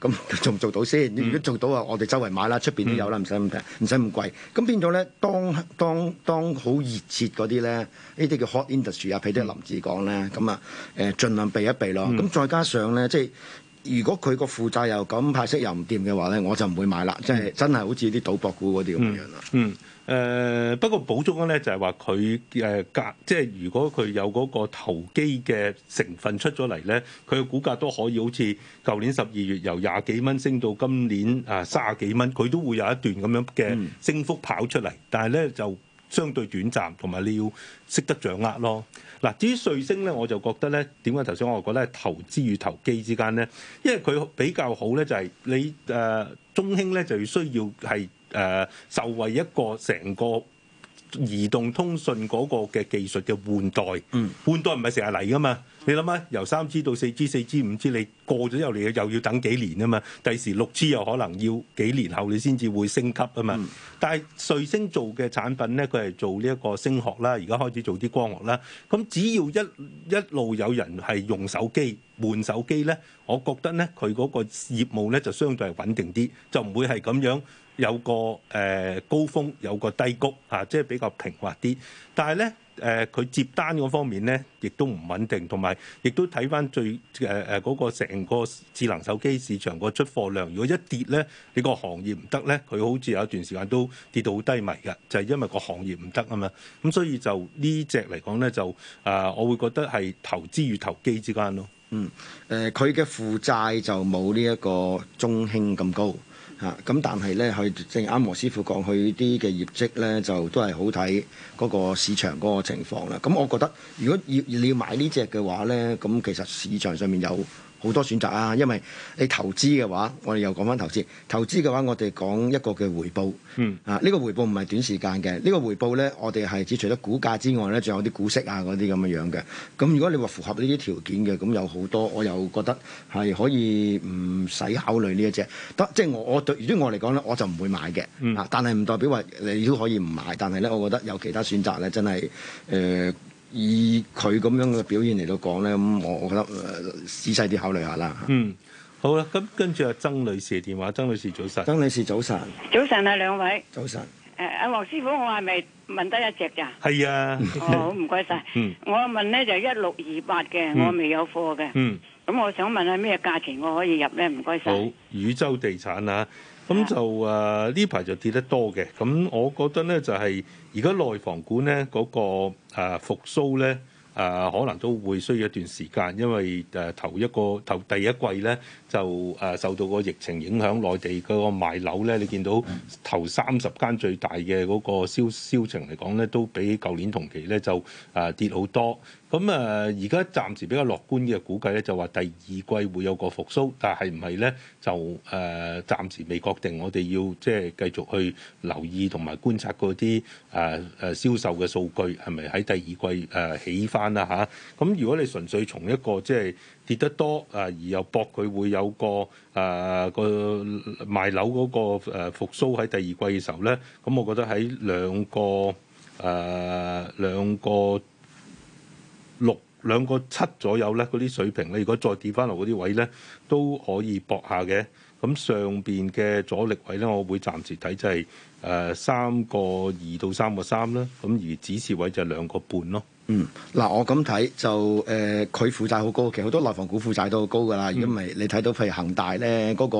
咁做唔做到先？如果做到啊，我哋周圍買啦，出邊都有啦，唔使咁平，唔使咁貴。咁變咗咧，當當當好熱切嗰啲咧，呢啲叫 hot industry 啊，譬如啲林志講咧，咁啊誒，盡量避一避咯。咁、嗯、再加上咧，即係如果佢個負債又咁派息又唔掂嘅話咧，我就唔會買啦。嗯、即係真係好似啲賭博股嗰啲咁樣啦。嗯嗯。誒、呃、不過補足咧就係話佢誒價，即係如果佢有嗰個投機嘅成分出咗嚟咧，佢嘅股價都可以好似舊年十二月由廿幾蚊升到今年啊三十幾蚊，佢、呃、都會有一段咁樣嘅升幅跑出嚟。但係咧就相對短暫，同埋你要識得掌握咯。嗱，至於瑞星咧，我就覺得咧點解頭先我話覺得投資與投機之間咧，因為佢比較好咧就係、是、你誒、呃、中興咧就要需要係。誒，受惠、呃、一個成個移動通訊嗰個嘅技術嘅換代，嗯、換代唔係成日嚟噶嘛？你諗下，由三 G 到四 G、四 G 五 G，你過咗又嚟又要等幾年啊嘛？第時六 G 又可能要幾年後你先至會升級啊嘛？嗯、但係瑞星做嘅產品咧，佢係做呢一個聲學啦，而家開始做啲光學啦。咁只要一一路有人係用手機換手機咧，我覺得咧佢嗰個業務咧就相對係穩定啲，就唔會係咁樣。有個誒、呃、高峰，有個低谷啊，即係比較平滑啲。但係咧誒，佢、呃、接單嗰方面咧，亦都唔穩定，同埋亦都睇返最誒誒嗰個成個智能手機市場個出貨量。如果一跌咧，你個行業唔得咧，佢好似有一段時間都跌到好低迷㗎，就係、是、因為個行業唔得啊嘛。咁所以就呢隻嚟講咧，就啊、呃，我會覺得係投資與投機之間咯。嗯，誒、呃，佢嘅負債就冇呢一個中興咁高。啊！咁但係咧，佢正啱黃師傅講，佢啲嘅業績咧就都係好睇嗰個市場嗰個情況啦。咁我覺得，如果要你要買呢隻嘅話咧，咁其實市場上面有好多選擇啊，因為你投資嘅話，我哋又講翻投資。投資嘅話，我哋講一個嘅回報。嗯啊，呢個回報唔係短時間嘅。呢個回報咧，我哋係指除咗股價之外咧，仲有啲股息啊嗰啲咁嘅樣嘅。咁如果你話符合呢啲條件嘅，咁有好多，我又覺得係可以唔使考慮呢一隻。得即係我我對，如果我嚟講咧，我就唔會買嘅。啊，但係唔代表話你都可以唔買，但係咧，我覺得有其他選擇咧，真係誒。呃以佢咁樣嘅表現嚟到講咧，咁我覺得仔細啲考慮下啦。嗯，好啦，咁跟住阿曾女士嘅電話，曾女士早晨，曾女士早晨，早晨啊兩位，早晨。誒、啊，阿黃師傅，我係咪問得一隻㗎？係啊，好唔該晒。嗯，我問咧就一六二八嘅，我未有貨嘅。嗯，咁我想問下咩價錢我可以入咧？唔該晒。好，宇宙地產啊。咁就誒呢排就跌得多嘅，咁我覺得呢，就係而家內房股呢嗰、那個誒、啊、復甦呢、啊、可能都會需要一段時間，因為誒、啊、頭一個頭第一季呢，就誒、啊、受到個疫情影響，內地個賣樓呢，你見到頭三十間最大嘅嗰個銷情嚟講呢，都比舊年同期呢，就誒、啊、跌好多。咁啊，而家暫時比較樂觀嘅估計咧，就話第二季會有個復甦，但係唔係咧，就誒、呃、暫時未確定我。我哋要即係繼續去留意同埋觀察嗰啲誒誒銷售嘅數據，係咪喺第二季誒、呃、起翻啊？吓，咁如果你純粹從一個即係、就是、跌得多誒、呃、而又搏佢會有個誒、呃、個賣樓嗰個誒復甦，喺第二季嘅時候咧，咁我覺得喺兩個誒兩個。呃兩個七左右咧，嗰啲水平咧，如果再跌翻落嗰啲位咧，都可以搏下嘅。咁上邊嘅阻力位咧，我會暫時睇就係誒三個二到三個三啦。咁而指示位就兩個半咯。嗯，嗱我咁睇就誒，佢、呃、負債好高其實，好多內房股負債都好高噶啦。如果唔係你睇到譬如恒大咧，嗰、那個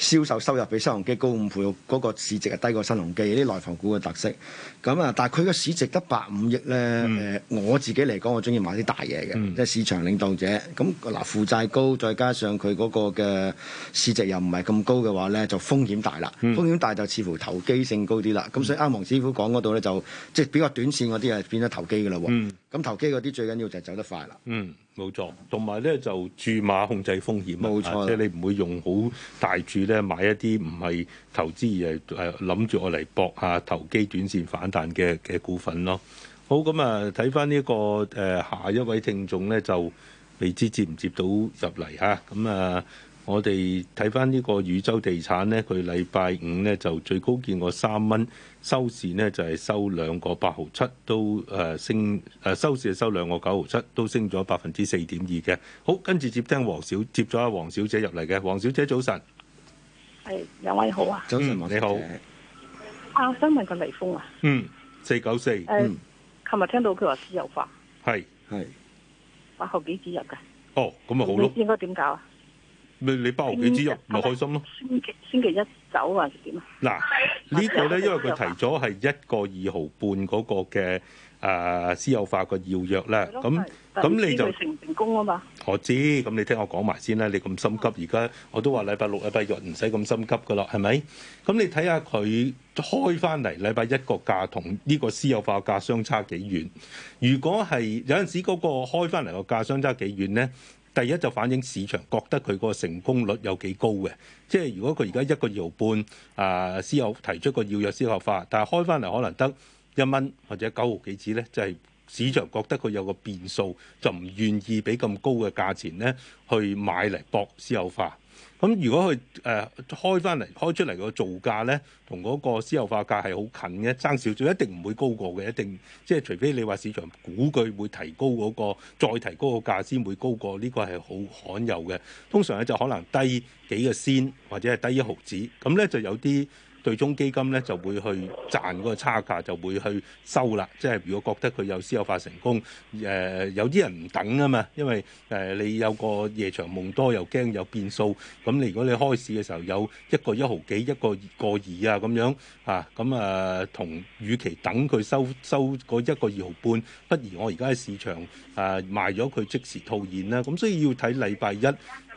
銷售收入比新鴻基高五倍，嗰、那個市值係低過新鴻基，啲內房股嘅特色。咁啊，但係佢個市值得百五億咧，誒、嗯呃、我自己嚟講，我中意買啲大嘢嘅，嗯、即係市場領導者。咁嗱負債高，再加上佢嗰個嘅市值又唔係咁高嘅話咧，就風險大啦。風險大，嗯、風險大就似乎投機性高啲啦。咁所以啱黃師傅講嗰度咧，就即係比較短線嗰啲啊變咗投機㗎啦喎。咁投機嗰啲最緊要就係走得快啦。嗯，冇錯。同埋咧就注碼控制風險啊，冇錯。即係你唔會用好大注咧，買一啲唔係投資而係誒諗住我嚟搏下投機短線反彈嘅嘅股份咯。好，咁啊，睇返呢個誒、呃、下一位聽眾咧就未知接唔接到入嚟吓咁啊。嗯嗯我哋睇翻呢個宇宙地產呢，佢禮拜五呢就最高見過三蚊，收市呢就係收兩個八毫七，都誒升誒收市就收兩個九毫七，都升咗百分之四點二嘅。好，跟住接聽黃小，接咗阿黃小姐入嚟嘅。黃小姐早晨，係兩位好啊，早晨、嗯、你好。啊，我想問個利豐啊，嗯，四九四。誒、嗯，琴日聽到佢話私有化，係係八毫幾紙入嘅。哦，咁咪好咯。應該點搞啊？你你包唔包佢知約？咪開心咯的！星期看看星期一走還是點啊？嗱呢個咧，因為佢提咗係一個二毫半嗰個嘅誒私有化個要約咧。咁咁你就成唔成功啊嘛？我知，咁你聽我講埋先啦。你咁心急，而家我都話禮拜六，禮拜日唔使咁心急噶啦，係咪？咁你睇下佢開翻嚟禮拜一個價同呢個私有化價相差幾遠？如果係有陣時嗰個開翻嚟個價相差幾遠咧？第一就反映市場覺得佢個成功率有幾高嘅，即係如果佢而家一個二毫半啊，私有提出個要約私有化，但係開翻嚟可能得一蚊或者九毫幾紙咧，就係、是、市場覺得佢有個變數，就唔願意俾咁高嘅價錢咧去買嚟搏私有化。咁如果佢誒、呃、開翻嚟開出嚟個造價咧，同嗰個私有化價係好近嘅，爭少少，一定唔會高過嘅，一定，即係、就是、除非你話市場估佢會提高嗰、那個再提高個價先會高過呢、這個係好罕有嘅，通常咧就可能低幾個仙或者係低一毫子，咁咧就有啲。最終基金咧就會去賺嗰個差價，就會去收啦。即係如果覺得佢有私有化成功，誒、呃、有啲人唔等啊嘛，因為誒、呃、你有個夜長夢多，又驚有變數。咁你如果你開市嘅時候有一個一毫幾，一個一個二啊咁樣啊，咁啊同與其等佢收收一個二毫半，不如我而家喺市場啊賣咗佢，即時套現啦。咁所以要睇禮拜一。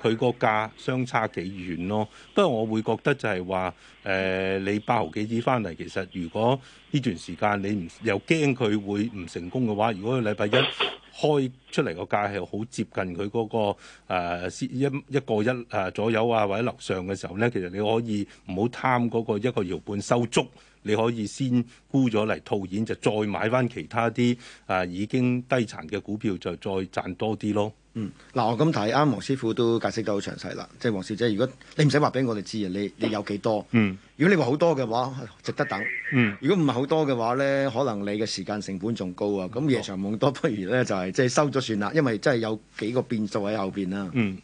佢個價相差幾遠咯，不過我會覺得就係話誒，你八毫幾子翻嚟，其實如果呢段時間你唔又驚佢會唔成功嘅話，如果禮拜一開出嚟個價係好接近佢嗰、那個誒一一個一誒左右啊或者樓上嘅時候咧，其實你可以唔好貪嗰個一個月半收足，你可以先沽咗嚟套現，就再買翻其他啲誒、呃、已經低殘嘅股票，就再賺多啲咯。嗯，嗱，我咁睇，啱黃師傅都解釋得好詳細啦。即係黃小姐，如果你唔使話俾我哋知啊，你你，你有幾多？嗯，如果你話好多嘅話，值得等。嗯，如果唔係好多嘅話咧，可能你嘅時間成本仲高啊。咁夜長夢多，不如咧就係、是、即係收咗算啦。因為真係有幾個變數喺後邊啦、啊。嗯，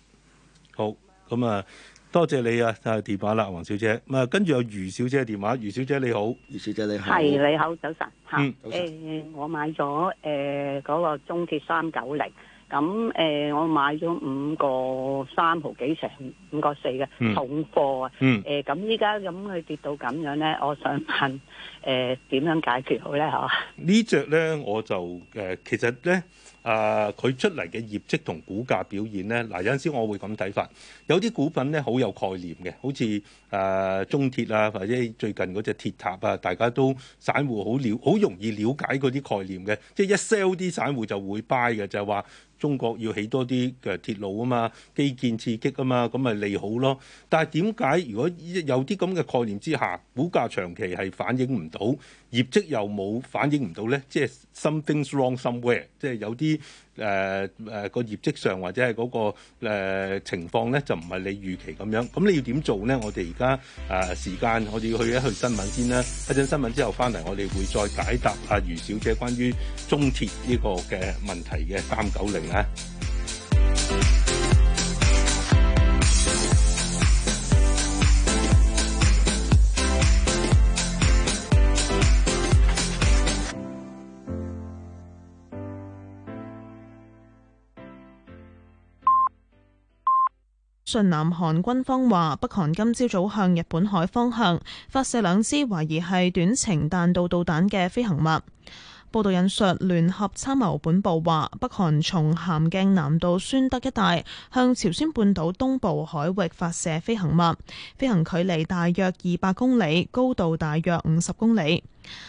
好，咁、嗯、啊，多謝你啊，就啊電話啦，黃小姐。咁啊，跟住有余小姐嘅電話，余小姐你好，余小姐你好，係你好，早晨。嗯、啊上欸，我買咗誒嗰個中鐵三九零。咁誒，我、嗯嗯、買咗五個三毫幾成，五個四嘅重貨啊！誒、呃，咁依家咁佢跌到咁樣咧，我想問誒點、呃、樣解決好咧？嚇 呢隻咧，我就誒、呃、其實咧啊，佢、呃、出嚟嘅業績同股價表現咧，嗱、呃、有陣時我會咁睇法，有啲股份咧好有概念嘅，好似誒中鐵啊，或者最近嗰隻鐵塔啊，大家都散戶好了好容易了解嗰啲概念嘅，即係一 sell 啲散戶就會 buy 嘅，就係、是、話。中國要起多啲嘅鐵路啊嘛，基建刺激啊嘛，咁咪利好咯。但係點解如果有啲咁嘅概念之下，股價長期係反映唔到，業績又冇反映唔到咧？即係 something wrong somewhere，即係有啲。誒誒個業績上或者係嗰，那個、uh, 情況咧，就唔係你預期咁樣。咁你要點做咧？我哋而家誒時間，我哋要去一去新聞先啦。一陣新聞之後翻嚟，我哋會再解答阿余小姐關於中鐵呢個嘅問題嘅三九零啊。信南韓軍方話，北韓今朝早向日本海方向發射兩支懷疑係短程彈道導彈嘅飛行物。報道引述聯合參謀本部話，北韓從咸鏡南道宣德一帶向朝鮮半島東部海域發射飛行物，飛行距離大約二百公里，高度大約五十公里。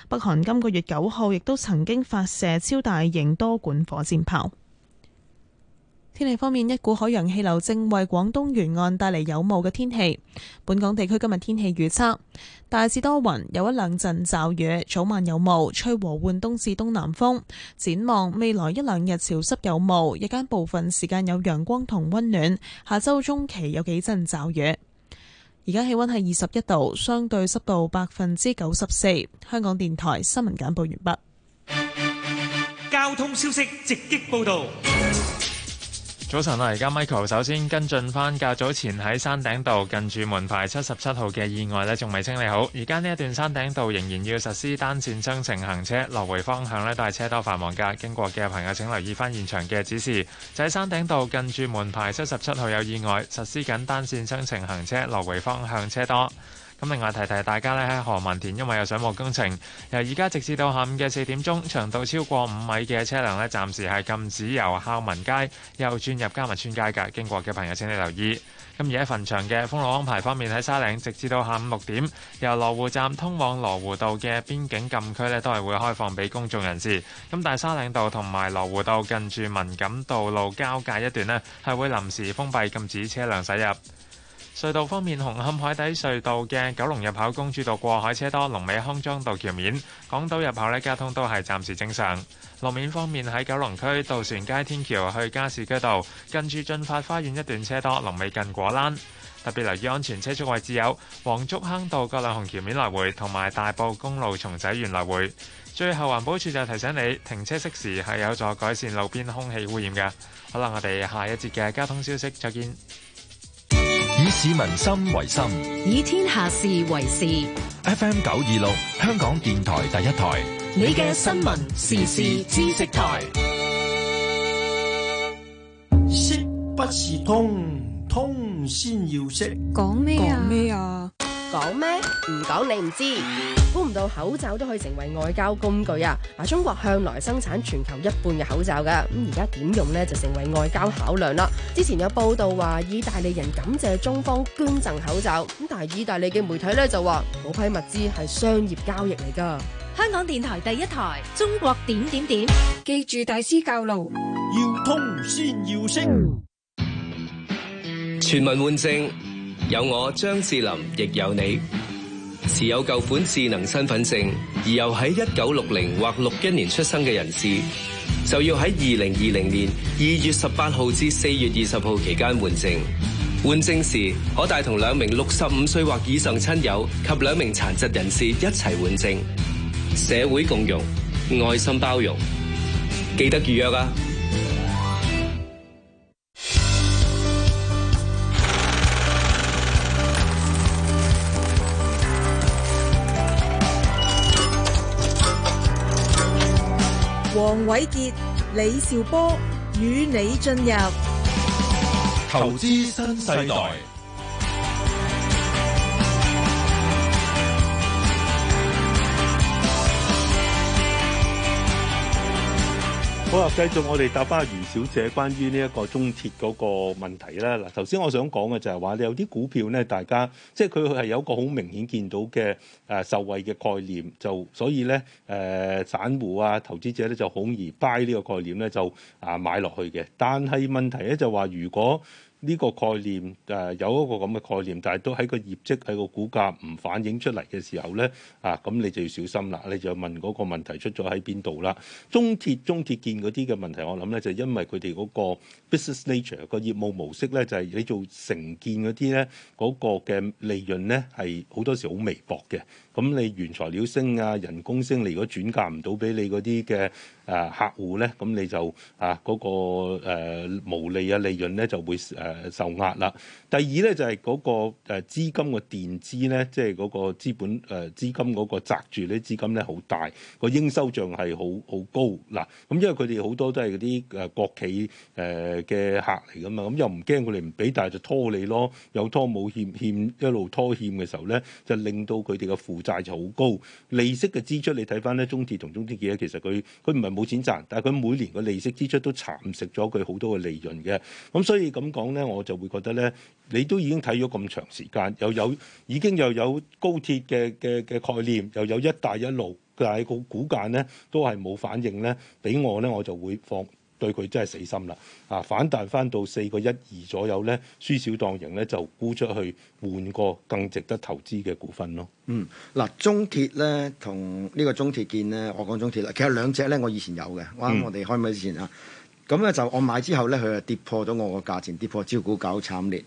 北韓今個月九號亦都曾經發射超大型多管火箭炮。天氣方面，一股海洋氣流正為廣東沿岸帶嚟有霧嘅天氣。本港地區今日天氣預測，大致多雲，有一兩陣驟雨，早晚有霧，吹和緩東至東南風。展望未來一兩日潮濕有霧，日間部分時間有陽光同温暖。下周中期有幾陣驟雨。而家氣温係二十一度，相對濕度百分之九十四。香港電台新聞簡報完畢。交通消息直擊報道。早晨啊！而家 Michael 首先跟進翻，較早前喺山頂道近住門牌七十七號嘅意外呢，仲未清理好。而家呢一段山頂道仍然要實施單線雙程行車，落回方向呢都係車多繁忙噶。經過嘅朋友請留意翻現場嘅指示。就喺山頂道近住門牌七十七號有意外，實施緊單線雙程行車，落回方向車多。咁另外提提大家呢，喺何文田，因為有上木工程，由而家直至到下午嘅四點鐘，長度超過五米嘅車輛呢，暫時係禁止由孝民街又轉入嘉民村街嘅。經過嘅朋友請你留意。咁而喺墳場嘅封路安排方面，喺沙嶺直至到下午六點，由羅湖站通往羅湖道嘅邊境禁區呢，都係會開放俾公眾人士。咁但係沙嶺道同埋羅湖道近住文錦道路交界一段呢，係會臨時封閉禁止車輛駛入。隧道方面，紅磡海底隧道嘅九龍入口公主道過海車多，龍尾康莊道橋面、港島入口咧交通都係暫時正常。路面方面，喺九龍區渡船街天橋去加士居道近住進發花園一段車多，龍尾近果欄。特別留意安全車速位置，有黃竹坑道各兩紅橋面來回，同埋大埔公路松仔園來回。最後，環保署就提醒你，停車熄匙係有助改善路邊空氣污染嘅。好啦，我哋下一節嘅交通消息，再見。以民心為心，以天下事為事。FM 九二六，香港電台第一台，你嘅新聞時事知識台。識不是通，通先要識。講咩，講咩啊？講咩？唔講你唔知。估唔到口罩都可以成為外交工具啊！嗱，中國向來生產全球一半嘅口罩噶，咁而家點用呢？就成為外交考量啦。之前有報道話意大利人感謝中方捐贈口罩，咁但係意大利嘅媒體呢，就話嗰批物資係商業交易嚟噶。香港電台第一台，中國點點點，記住大師教路，要通先要升。全民換證。有我張智霖，亦有你。持有舊款智能身份證而又喺一九六零或六一年出生嘅人士，就要喺二零二零年二月十八號至四月二十號期間換證。換證時可帶同兩名六十五歲或以上親友及兩名殘疾人士一齊換證。社會共融，愛心包容，記得預約啊。黃瑋傑、李兆波與你進入投資新世代。好啊，繼續我哋答翻阿余小姐關於呢一個中鐵嗰個問題啦。嗱，頭先我想講嘅就係話，有啲股票咧，大家即係佢係有一個好明顯見到嘅誒、呃、受惠嘅概念，就所以咧誒、呃、散戶啊投資者咧就好易 buy 呢個概念咧就啊買落去嘅。但係問題咧就話如果。呢個概念誒、呃、有一個咁嘅概念，但係都喺個業績喺個股價唔反映出嚟嘅時候咧，啊咁你就要小心啦，你就問嗰個問題出咗喺邊度啦。中鐵中鐵建嗰啲嘅問題，我諗咧就因為佢哋嗰個 business nature 個業務模式咧，就係你做承建嗰啲咧，嗰、嗰個嘅利潤咧係好多時好微薄嘅。咁你原材料升啊，人工升，你如果轉嫁唔到俾你嗰啲嘅誒客戶咧，咁你就啊嗰、那個毛利啊，利潤咧、那個、就會誒、那個那個、受壓啦。第二咧就係嗰個誒資金嘅墊資咧，即係嗰個資本誒、呃、資金嗰個擸住啲資金咧好大，個應收帳係好好高嗱。咁因為佢哋好多都係嗰啲誒國企誒嘅、呃、客嚟噶嘛，咁又唔驚佢哋唔俾，但係就拖你咯，有拖冇欠，欠一路拖欠嘅時候咧，就令到佢哋嘅負債就好高，利息嘅支出你睇翻咧，中鐵同中鐵幾，其實佢，佢唔係冇錢賺，但係佢每年個利息支出都蠶食咗佢好多嘅利潤嘅。咁所以咁講咧，我就會覺得咧。你都已經睇咗咁長時間，又有已經又有高鐵嘅嘅嘅概念，又有一帶一路，但係個股價咧都係冇反應咧，俾我咧我就會放對佢真係死心啦。啊，反彈翻到四個一二左右咧，輸少當贏咧就沽出去換個更值得投資嘅股份咯。嗯，嗱，中鐵咧同呢個中鐵建咧，我講中鐵啦，其實兩隻咧我以前有嘅，我喺我哋開咪以前啊，咁咧、嗯、就我買之後咧佢就跌破咗我個價錢，跌破招股搞慘烈。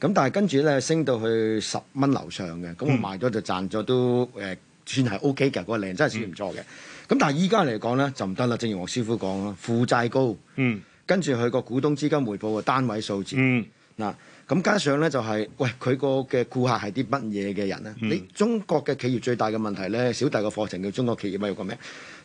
咁但係跟住咧升到去十蚊樓上嘅，咁、嗯、我賣咗就賺咗都誒、呃、算係 O K 嘅，個量真係算唔錯嘅。咁、嗯、但係依家嚟講咧就唔得啦，正如黃師傅講啦，負債高，嗯、跟住佢個股東資金回報嘅單位數字，嗱咁、嗯啊、加上咧就係、是，喂佢個嘅顧客係啲乜嘢嘅人咧？嗯、你中國嘅企業最大嘅問題咧，小弟個課程叫中國企業咪要講咩？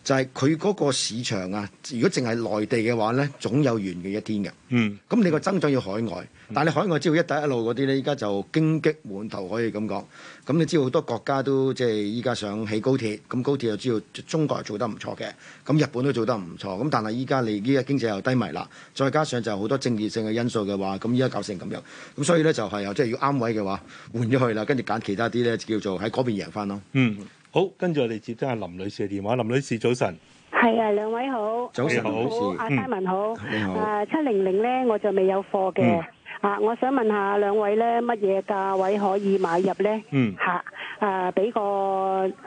就係佢嗰個市場啊！如果淨係內地嘅話呢，總有完嘅一天嘅。嗯。咁你個增長要海外，但係你海外知道一帶一路嗰啲呢，依家就荊棘滿頭可以咁講。咁你知道好多國家都即係依家想起高鐵，咁高鐵又知道中國係做得唔錯嘅，咁日本都做得唔錯。咁但係依家你依家經濟又低迷啦，再加上就好多政治性嘅因素嘅話，咁依家搞成咁樣。咁所以呢就，就係又即係要啱位嘅話，換咗去啦，跟住揀其他啲呢叫做喺嗰邊贏翻咯。嗯。好，跟住我哋接翻阿林女士嘅電話。林女士，早晨。係啊，兩位好。早晨，好。阿嘉文好。你好。誒好，七零零咧，我就未有貨嘅。啊、嗯，uh, 我想問下兩位咧，乜嘢價位可以買入咧？嗯。嚇、uh,！誒、呃，俾個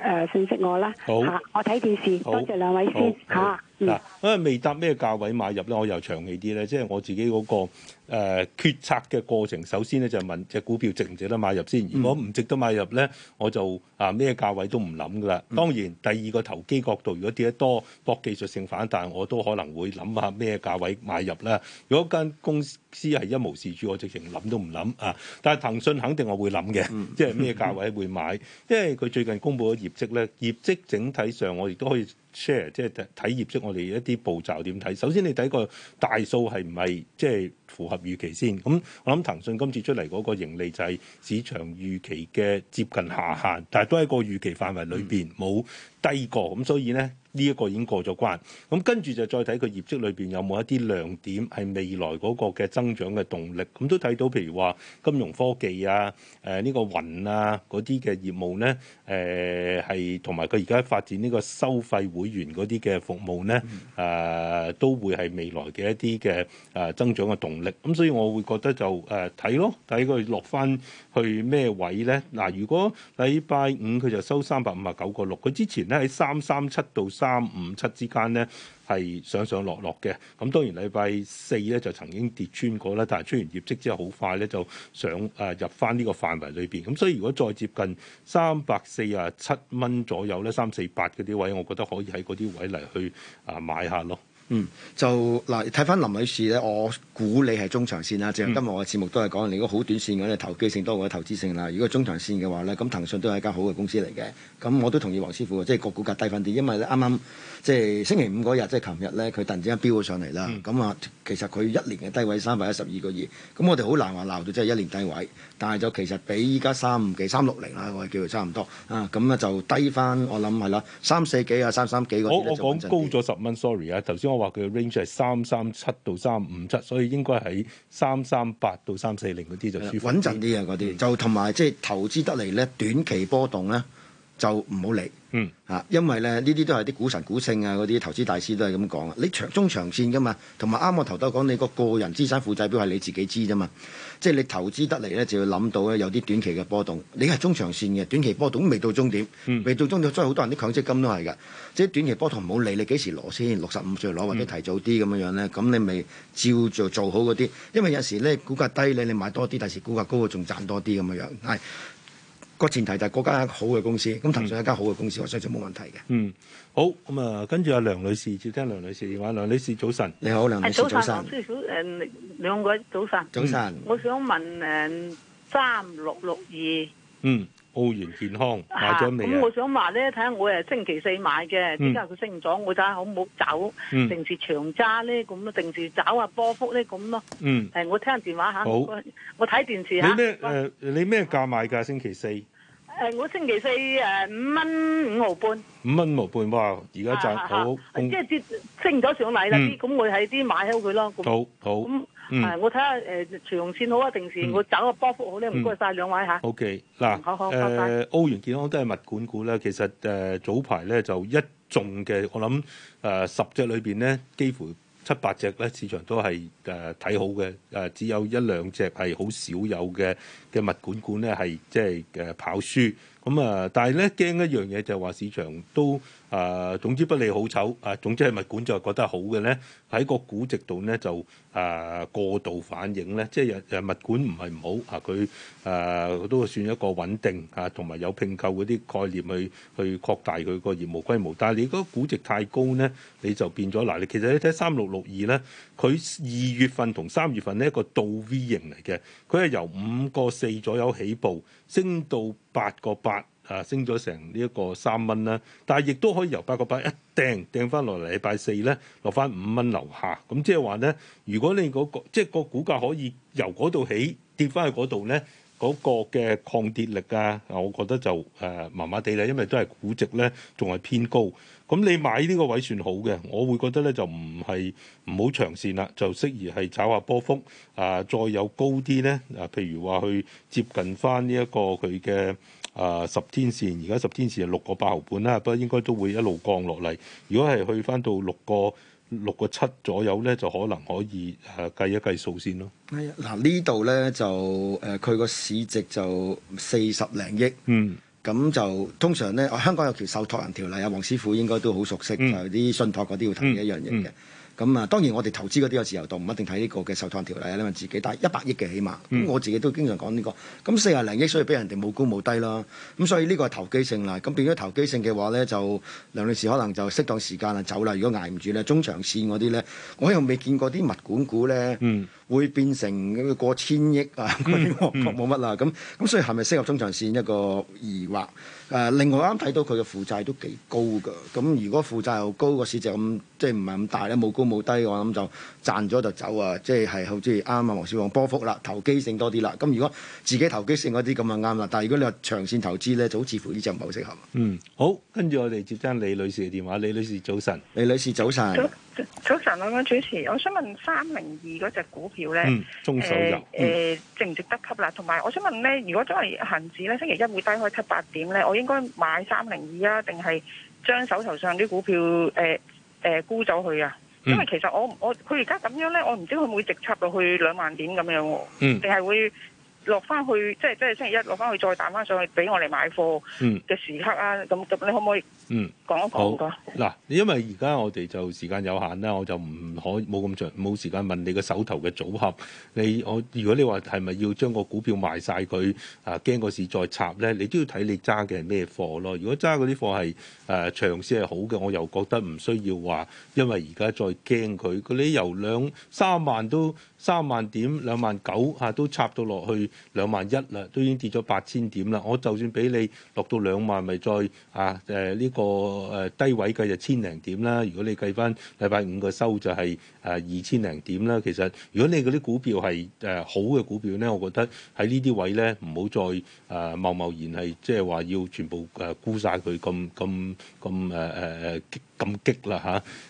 誒信息我啦。好。吓，uh, 我睇電視，好多謝兩位先吓。嗱，嗯、因為未答咩價位買入咧，我又長氣啲咧，即、就、係、是、我自己嗰、那個誒、呃、決策嘅過程。首先咧就問隻股票值唔值得買入先。如果唔值得買入咧，我就啊咩價位都唔諗噶啦。當然，第二個投機角度，如果跌得多，博技術性反彈，我都可能會諗下咩價位買入啦。如果間公司係一無是處，我直情諗都唔諗啊。但係騰訊肯定我會諗嘅，即係咩價位會買，因為佢最近公布咗業績咧，業績整體上我亦都可以。share 即係睇業績，我哋一啲步驟點睇？首先你睇個大數係唔係即係符合預期先？咁我諗騰訊今次出嚟嗰個盈利就係市場預期嘅接近下限，但係都喺個預期範圍裏邊冇低過，咁所以咧。呢一個已經過咗關，咁跟住就再睇佢業績裏邊有冇一啲亮點係未來嗰個嘅增長嘅動力。咁都睇到譬如話金融科技啊，誒、呃、呢、呢個雲啊嗰啲嘅業務咧，誒係同埋佢而家發展呢個收費會員嗰啲嘅服務咧，啊、呃、都會係未來嘅一啲嘅啊增長嘅動力。咁所以我會覺得就誒睇、呃、咯，睇佢落翻去咩位咧？嗱、呃，如果禮拜五佢就收三百五啊九個六，佢之前咧喺三三七到三。三五七之間咧係上上落落嘅，咁當然禮拜四咧就曾經跌穿過啦，但係出完業績之後好快咧就上啊入翻呢個範圍裏邊，咁所以如果再接近三百四啊七蚊左右咧，三四八嗰啲位，我覺得可以喺嗰啲位嚟去啊買下咯。嗯，就嗱，睇翻林女士咧，我估你係中長線啦。正如今日我嘅節目都係講，你如果好短線嘅，你投機性多過投資性啦。如果中長線嘅話咧，咁騰訊都係一間好嘅公司嚟嘅。咁我都同意黃師傅，即係個股價低翻啲，因為啱啱。即係星期五嗰日，即係琴日咧，佢突然之間飆咗上嚟啦。咁啊、嗯，其實佢一年嘅低位三百一十二個二，咁我哋好難話鬧到即係一年低位，但係就其實比依家三五幾、三六零啦，我哋叫佢差唔多啊。咁、嗯、啊，就低翻，我諗係啦，三四幾啊，三三幾個我我講高咗十蚊，sorry 啊。頭先我話佢 range 係三三七到三五七，所以應該喺三三八到三四零嗰啲就舒服穩陣啲啊嗰啲。嗯、就同埋、嗯嗯、即係投資得嚟咧，短期，短期波動咧。就唔好理，嚇、嗯，因為咧呢啲都係啲股神股性啊，嗰啲投資大師都係咁講啊。你長中長線噶嘛，同埋啱我頭度講，你個個人資產負債表係你自己知啫嘛。即係你投資得嚟咧，就要諗到咧有啲短期嘅波動。你係中長線嘅，短期波動未到終點，嗯、未到終點最好。所以好多人啲強積金都係㗎，即係短期波動唔好理。你幾時攞先？六十五歲攞或者提早啲咁、嗯、樣樣咧，咁你咪照做做好嗰啲。因為有時咧股價低你，你買多啲，但係股價高啊，仲賺多啲咁樣樣係。個前提就係嗰間好嘅公司，咁騰訊一間好嘅公司，嗯、我相信冇問題嘅。嗯，好，咁啊，跟住阿梁女士接聽，梁女士，梁女士早晨，你好，梁女士早晨上。早晨上，梁早晨上。早晨，我想問誒三六六二。嗯。澳元健康買咗未？咁我想話咧，睇下我誒星期四買嘅，點解佢升咗？我睇下好唔好走，定時長揸咧，咁啊定時找下波幅咧，咁咯。嗯，誒我聽下電話嚇，好，我睇電視嚇。你咩誒？你咩價買噶？星期四誒，我星期四誒五蚊五毫半，五蚊五毫半哇！而家賺好，即係跌升咗上嚟啦，啲咁我係啲買喺佢咯。好好。 嗯，我睇下誒長線好啊，定時我找個波幅好咧，唔該晒兩位嚇。O K，嗱，好好、okay. 喏，誒、呃、歐元健康都係物管股咧。其實誒、呃、早排咧就一眾嘅，我諗誒十隻裏邊咧，幾乎七八隻咧市場都係誒睇好嘅。誒、呃、只有一兩隻係好少有嘅嘅物管股咧，係即係誒跑輸。咁、嗯、啊、呃，但係咧驚一樣嘢就係話市場都，都誒、呃、總之不理好醜，誒、呃、總之係物管就係覺得好嘅咧，喺個估值度咧就誒、呃、過度反映咧，即係誒物管唔係唔好，嚇佢誒都算一個穩定嚇，同、啊、埋有，有拼購嗰啲概念去去擴大佢個業務規模。但係你如果估值太高咧，你就變咗嗱，你其實你睇三六六二咧，佢二月份同三月份呢，一個倒 V 型嚟嘅，佢係由五個四左右起步，升到八個八。啊，升咗成呢一個三蚊啦，但係亦都可以由八個八一掟掟翻落嚟，禮拜四咧落翻五蚊樓下，咁即係話咧，如果你嗰個即係個股價可以由嗰度起跌翻去嗰度咧，嗰個嘅抗跌力啊，我覺得就誒麻麻地啦，因為都係估值咧仲係偏高。咁你買呢個位算好嘅，我會覺得咧就唔係唔好長線啦，就適宜係炒下波幅啊、呃，再有高啲咧啊，譬如話去接近翻呢一個佢嘅啊十天線，而家十天線係六個八毫半啦，不過應該都會一路降落嚟。如果係去翻到六個六個七左右咧，就可能可以誒、呃、計一計數先咯。係啊，嗱呢度咧就誒佢個市值就四十零億。嗯。咁就通常咧，香港有條受託人條例啊，黃師傅應該都好熟悉、嗯、就啲信託嗰啲要睇一樣嘢嘅。咁啊、嗯嗯，當然我哋投資嗰啲有時候都唔一定睇呢個嘅受託人條例啊，你問自己，但係一百億嘅起碼，咁、嗯、我自己都經常講呢、呢個。咁四廿零億，所以俾人哋冇高冇低啦。咁所以呢個係投機性啦。咁變咗投機性嘅話咧，就梁女士可能就適當時間啊走啦。如果捱唔住咧，中長線嗰啲咧，我又未見過啲物管股咧。嗯會變成過千億啊！冇乜啦，咁咁、嗯嗯、所以係咪適合中長線一個疑惑？誒、呃，另外啱睇到佢嘅負債都幾高㗎。咁如果負債又高，個市值咁即係唔係咁大咧？冇高冇低，我諗就賺咗就走啊！即係係好似啱啊，黃小王波幅啦，投機性多啲啦。咁如果自己投機性嗰啲咁啊啱啦。但係如果你話長線投資咧，就好似乎呢隻唔係好適合。嗯，好，跟住我哋接聽李女士嘅電話。李女士早晨。李女士早晨。早晨，兩位主持，我想問三零二嗰隻股票咧，誒、嗯呃、值唔值得吸啦？同埋、嗯，我想問咧，如果都係恆指咧星期一會低開七八點咧，我應該買三零二啊，定係將手頭上啲股票誒誒、呃呃、沽走去啊？因為其實我我佢而家咁樣咧，我唔知佢會唔會直插落去兩萬點咁樣喎，定係、嗯、會落翻去，即係即係星期一落翻去再彈翻上去俾我哋買貨嘅時刻啊？咁咁、嗯，你可唔可以？嗯講一講㗎。嗱，因為而家我哋就時間有限啦，我就唔可冇咁長冇時間問你個手頭嘅組合。你我如果你話係咪要將個股票賣晒，佢啊？驚個市再插咧，你都要睇你揸嘅係咩貨咯。如果揸嗰啲貨係誒長線係好嘅，我又覺得唔需要話，因為而家再驚佢。嗰啲由兩三萬都三萬點兩萬九嚇、啊、都插到落去兩萬一啦，都已經跌咗八千點啦。我就算俾你落到兩萬，咪再啊誒呢、呃這個。誒低位計就千零點啦，如果你計翻禮拜五個收就係誒二千零點啦。其實如果你嗰啲股票係誒好嘅股票咧，我覺得喺呢啲位咧唔好再誒貿貿然係即係話要全部誒沽晒佢咁咁咁誒誒誒。咁激啦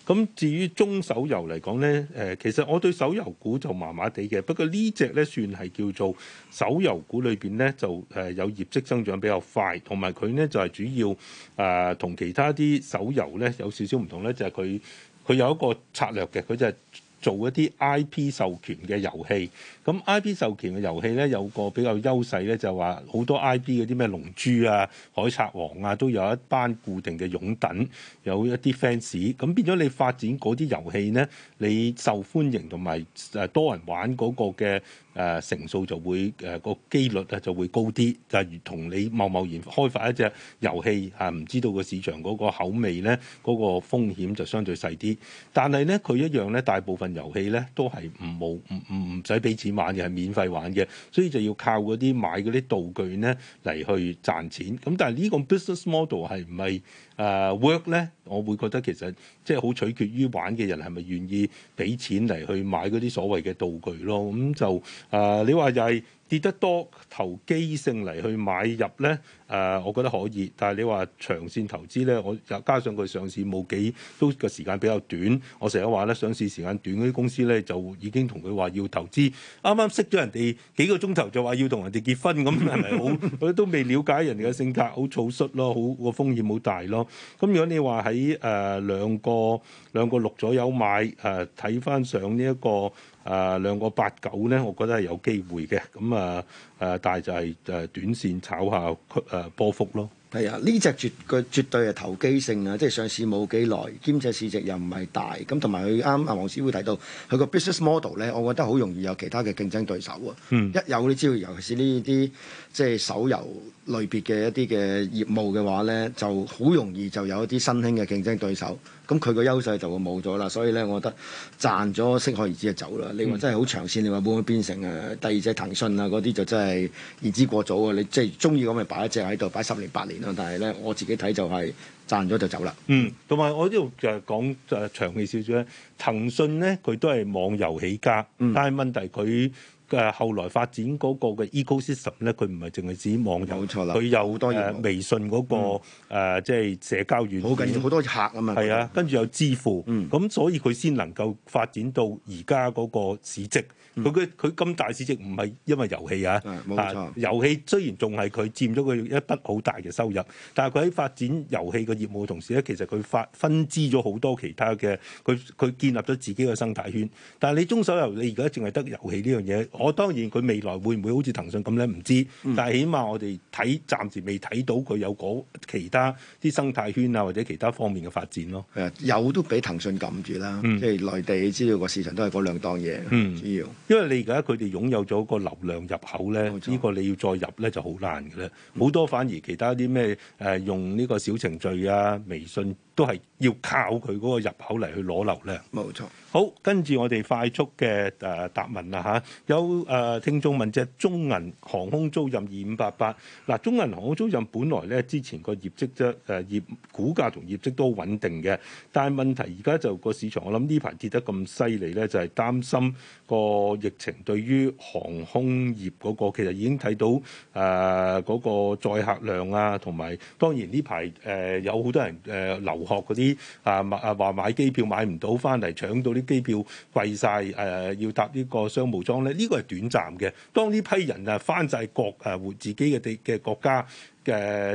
嚇！咁至於中手遊嚟講呢，誒其實我對手遊股就麻麻地嘅，不過呢隻呢算係叫做手遊股裏邊呢，就誒有業績增長比較快，同埋佢呢，就係、係、主要誒、呃、同其他啲手遊呢有少少唔同呢就係佢佢有一個策略嘅，佢就係、係。做一啲 IP 授權嘅遊戲，咁 IP 授權嘅遊戲咧有個比較優勢咧，就話好多 IP 嗰啲咩龍珠啊、海賊王啊，都有一班固定嘅擁躉，有一啲 fans，咁變咗你發展嗰啲遊戲咧，你受歡迎同埋誒多人玩嗰個嘅。誒成、呃、數就會誒個、呃、機率啊就會高啲，但如同你貿貿然開發一隻遊戲啊，唔知道個市場嗰個口味咧，嗰、嗰個風險就相對細啲。但係咧，佢一樣咧，大部分遊戲咧都係唔冇唔唔唔使俾錢玩嘅，係免費玩嘅，所以就要靠嗰啲買嗰啲道具咧嚟去賺錢。咁但係呢個 business model 係唔係？誒、uh, work 咧，我會覺得其實即係好取決於玩嘅人係咪願意俾錢嚟去買嗰啲所謂嘅道具咯，咁、嗯、就誒、uh, 你話又係跌得多，投機性嚟去買入咧。誒，uh, 我覺得可以，但係你話長線投資咧，我又加上佢上市冇幾都個時間比較短，我成日話咧上市時間短嗰啲公司咧，就已經同佢話要投資。啱啱識咗人哋幾個鐘頭就話要同人哋結婚咁，係咪好？佢 都未了解人哋嘅性格，好草率咯，好個風險好大咯。咁如果你話喺誒兩個兩個六左右買誒，睇、呃、翻上呢、這、一個誒、呃、兩個八九咧，我覺得係有機會嘅。咁啊～、呃誒，但係、呃、就係、是、誒、呃、短線炒下誒、呃、波幅咯。係啊，呢隻絕佢絕對係投機性啊，即係上市冇幾耐，兼且市值又唔係大。咁同埋佢啱阿黃師傅睇到佢個 business model 咧，我覺得好容易有其他嘅競爭對手啊。嗯、一有呢招，尤其是呢啲即係手遊類別嘅一啲嘅業務嘅話咧，就好容易就有一啲新興嘅競爭對手。咁佢個優勢就會冇咗啦，所以咧，我覺得賺咗適可而止就走啦。你話真係好長線，你話會唔會變成誒第二隻騰訊啊嗰啲就真係言之過早啊！你即係中意咁咪擺一隻喺度，擺十年八年咯。但係咧，我自己睇就係賺咗就走啦。嗯，同埋我呢度就係講誒長氣少少咧，騰訊咧佢都係網遊起家，嗯、但係問題佢嘅後來發展嗰個嘅 ecosystem 咧，佢唔係淨係指網遊，冇錯啦，佢有好多嘢，微信嗰個即係社交軟件，好緊要，好多客啊嘛，係啊，跟住有支付，咁所以佢先能夠發展到而家嗰個市值。佢佢咁大市值唔係因為遊戲啊，冇錯。遊戲雖然仲係佢佔咗佢一筆好大嘅收入，但係佢喺發展遊戲嘅業務同時咧，其實佢發分支咗好多其他嘅，佢佢建立咗自己嘅生態圈。但係你中手游，你而家淨係得遊戲呢樣嘢。我當然佢未來會唔會好似騰訊咁咧？唔知，但係起碼我哋睇暫時未睇到佢有嗰其他啲生態圈啊，或者其他方面嘅發展咯。係有都俾騰訊撳住啦，即係內地知道個市場都係嗰兩檔嘢主要。因為你而家佢哋擁有咗個流量入口咧，冇錯，呢個你要再入咧就好難嘅啦。好多反而其他啲咩誒用呢個小程序啊、微信都係要靠佢嗰個入口嚟去攞流量。冇錯。好，跟住我哋快速嘅誒答問啦嚇，有。都誒，聽眾問隻中銀航空租賃二五八八，嗱，中銀航空租賃本來咧之前個業績即係誒業股價同業績都穩定嘅，但係問題而家就個市場，我諗呢排跌得咁犀利咧，就係、是、擔心個疫情對於航空業嗰、那個其實已經睇到誒嗰、呃那個載客量啊，同埋當然呢排誒有好多人誒留、呃、學嗰啲啊，買啊話買機票買唔到翻嚟，搶到啲機票貴晒誒要搭呢個商務艙咧，呢個。係短暫嘅，當呢批人啊翻咗國誒，活自己嘅地嘅國家。嘅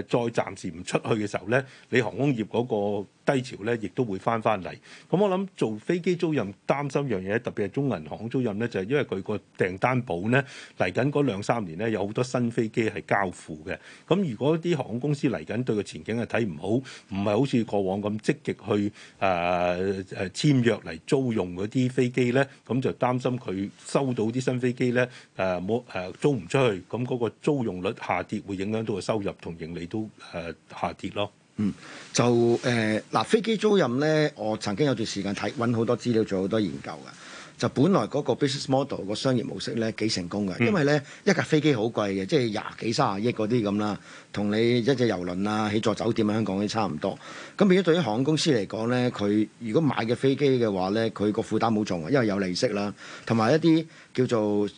再暫時唔出去嘅時候咧，你航空業嗰個低潮咧，亦都會翻翻嚟。咁我諗做飛機租賃擔心樣嘢，特別係中銀航空租賃咧，就係、是、因為佢個訂單簿咧，嚟緊嗰兩三年咧，有好多新飛機係交付嘅。咁如果啲航空公司嚟緊對個前景係睇唔好，唔係好似過往咁積極去誒誒、呃、簽約嚟租用嗰啲飛機咧，咁就擔心佢收到啲新飛機咧誒冇誒租唔出去，咁嗰個租用率下跌會影響到個收入。.同盈利都誒、呃、下跌咯。嗯，就誒嗱、呃，飛機租賃咧，我曾經有段時間睇揾好多資料，做好多研究嘅。就本來嗰個 business model 個商業模式咧幾成功嘅，嗯、因為咧一架飛機好貴嘅，即係廿幾卅億嗰啲咁啦，同你一隻遊輪啊、起座酒店啊，香港啲差唔多。咁變咗對於航空公司嚟講咧，佢如果買嘅飛機嘅話咧，佢個負擔好重啊，因為有利息啦，同埋一啲叫做誒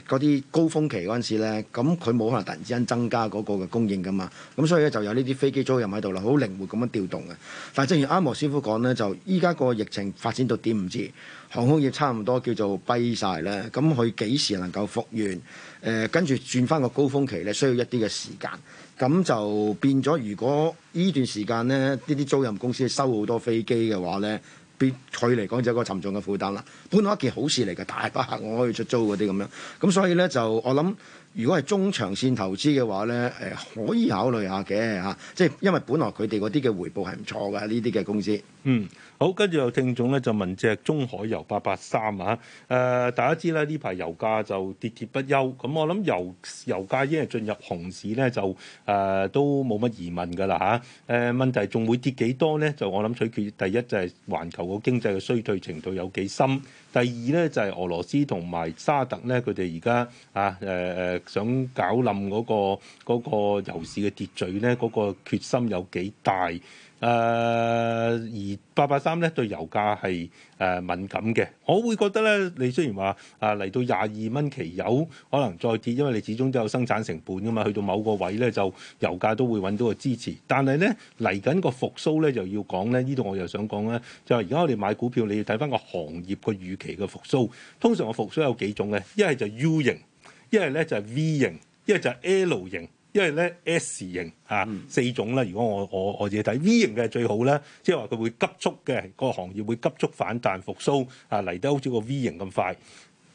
嗰啲高峰期嗰陣時咧，咁佢冇可能突然之間增加嗰個嘅供應噶嘛。咁所以咧就有呢啲飛機租用喺度啦，好靈活咁樣調動嘅。但係正如阿莫師傅講咧，就依家個疫情發展到點唔知？航空業差唔多叫做跛晒啦，咁佢幾時能夠復原？誒、呃，跟住轉翻個高峰期咧，需要一啲嘅時間。咁就變咗，如果呢段時間咧，呢啲租賃公司收好多飛機嘅話咧，俾佢嚟講就一個沉重嘅負擔啦。本來一件好事嚟嘅，大把客我可以出租嗰啲咁樣。咁所以咧，就我諗，如果係中長線投資嘅話咧，誒、呃、可以考慮下嘅嚇。即係因為本來佢哋嗰啲嘅回報係唔錯嘅，呢啲嘅公司嗯。好，跟住有聽眾咧就問隻中海油八八三啊，誒大家知啦，呢排油價就跌跌不休，咁、嗯、我諗油油價已經係進入熊市咧，就誒、啊、都冇乜疑問噶啦嚇。誒、啊、問題仲會跌幾多咧？就我諗取決第一就係、是、環球個經濟嘅衰退程度有幾深，第二咧就係、是、俄羅斯同埋沙特咧，佢哋而家啊誒誒、啊啊、想搞冧嗰、那個那個油市嘅秩序咧，嗰、那個決心有幾大？誒、呃、而八八三咧對油價係誒敏感嘅，我會覺得咧，你雖然話啊嚟到廿二蚊期油可能再跌，因為你始終都有生產成本㗎嘛，去到某個位咧就油價都會揾到個支持。但係咧嚟緊個復甦咧就要講咧，呢度我又想講咧，就係而家我哋買股票你要睇翻個行業嘅預期嘅復甦。通常個復甦有幾種嘅，一係就 U 型，一係咧就係 V 型，一係就係 L 型。因為咧 S 型啊，嗯四種啦，如果我我我自己睇 V 型嘅最好咧，即係話佢會急速嘅個行業會急速反彈復甦啊，嚟得好似個 V 型咁快。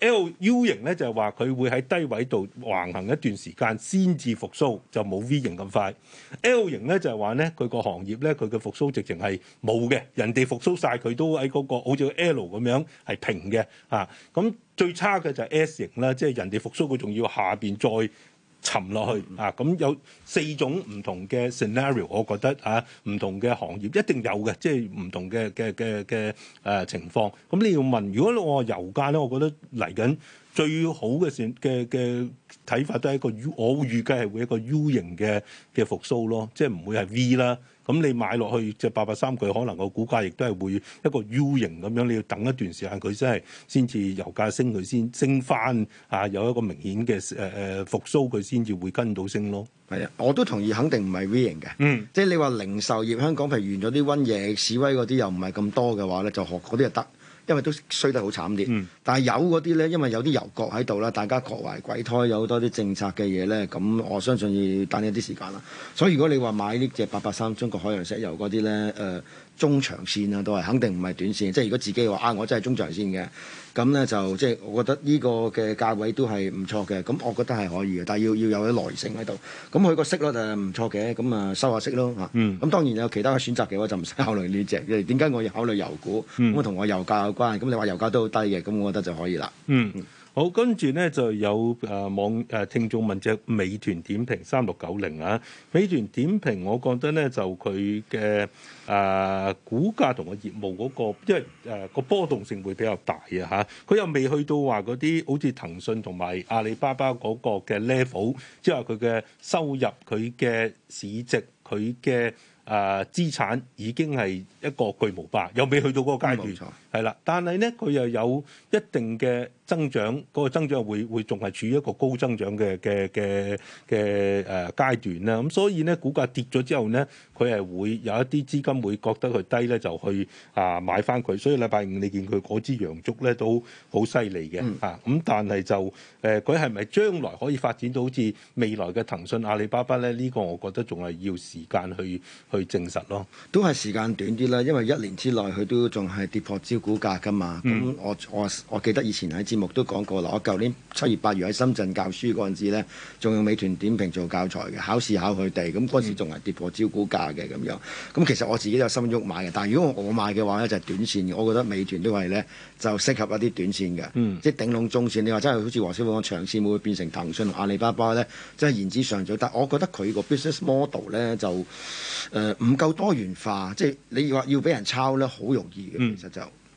L U 型咧就係話佢會喺低位度橫行一段時間先至復甦，就冇 V 型咁快。L 型咧就係話咧佢個行業咧佢嘅復甦直情係冇嘅，人哋復甦晒，佢都喺嗰個好似 L 咁樣係平嘅啊。咁最差嘅就係 S 型啦，即係人哋復甦佢仲要下邊再。沉落去啊！咁有四種唔同嘅 scenario，我覺得啊，唔同嘅行業一定有嘅，即係唔同嘅嘅嘅嘅誒情況。咁你要問，如果我油價咧，我覺得嚟緊最好嘅嘅嘅睇法都係一個 U，我預計係會一個 U 型嘅嘅復甦咯，即係唔會係 V 啦。咁你買落去就八百三，佢可能個股價亦都係會一個 U 型咁樣，你要等一段時間佢先係，先至油價升佢先升翻啊，有一個明顯嘅誒誒復甦佢先至會跟到升咯。係啊，我都同意，肯定唔係 V 型嘅。嗯，即係你話零售業，香港譬如完咗啲瘟疫示威嗰啲又唔係咁多嘅話咧，就學嗰啲就得。因為都衰得好慘啲，但係有嗰啲咧，因為有啲油國喺度啦，大家各懷鬼胎，有好多啲政策嘅嘢咧，咁我相信要等一啲時間啦。所以如果你話買呢隻八八三中國海洋石油嗰啲咧，誒、呃、中長線啊，都係肯定唔係短線，即係如果自己話啊，我真係中長線嘅。咁咧就即係，就是、我覺得呢個嘅價位都係唔錯嘅。咁我覺得係可以嘅，但係要要有啲耐性喺度。咁佢個息率就唔錯嘅，咁啊收下息咯嚇。咁當然有其他嘅選擇嘅話，就唔使考慮呢隻。誒點解我要考慮油股？咁啊同我油價有關。咁你話油價都好低嘅，咁我覺得就可以啦。嗯。好，跟住咧就有誒網誒聽眾問隻美團點評三六九零啊，美團點評，我覺得咧就佢嘅誒股價同個業務嗰、嗰個，因為誒個、呃、波動性會比較大啊嚇，佢又未去到話嗰啲好似騰訊同埋阿里巴巴嗰個嘅 level，即係佢嘅收入、佢嘅市值、佢嘅誒資產已經係一個巨無霸，又未去到嗰個階段。係啦，但係咧佢又有一定嘅增長，嗰、那個增長會會仲係處於一個高增長嘅嘅嘅嘅誒階段啦。咁所以咧，股價跌咗之後咧，佢係會有一啲資金會覺得佢低咧，就去啊買翻佢。所以禮拜五你見佢嗰支陽燭咧都好犀利嘅嚇。咁、啊、但係就誒，佢係咪將來可以發展到好似未來嘅騰訊、阿里巴巴咧？呢、這個我覺得仲係要時間去去證實咯。都係時間短啲啦，因為一年之內佢都仲係跌破之。股價㗎嘛？咁我我我記得以前喺節目都講過啦。我舊年七月八月喺深圳教書嗰陣時咧，仲用美團點評做教材嘅，考試考佢哋。咁嗰時仲係跌破招股價嘅咁樣。咁其實我自己有心喐買嘅，但係如果我買嘅話咧，就係、是、短線。我覺得美團都係咧，就適合一啲短線嘅。嗯、即係頂籠中線，你話真係好似黃瑋傑講長線會唔會變成騰訊同阿里巴巴咧，真係言之尚早。但係我覺得佢個 business model 咧就誒唔、呃、夠多元化，即係你要話要俾人抄咧，好容易嘅。其實就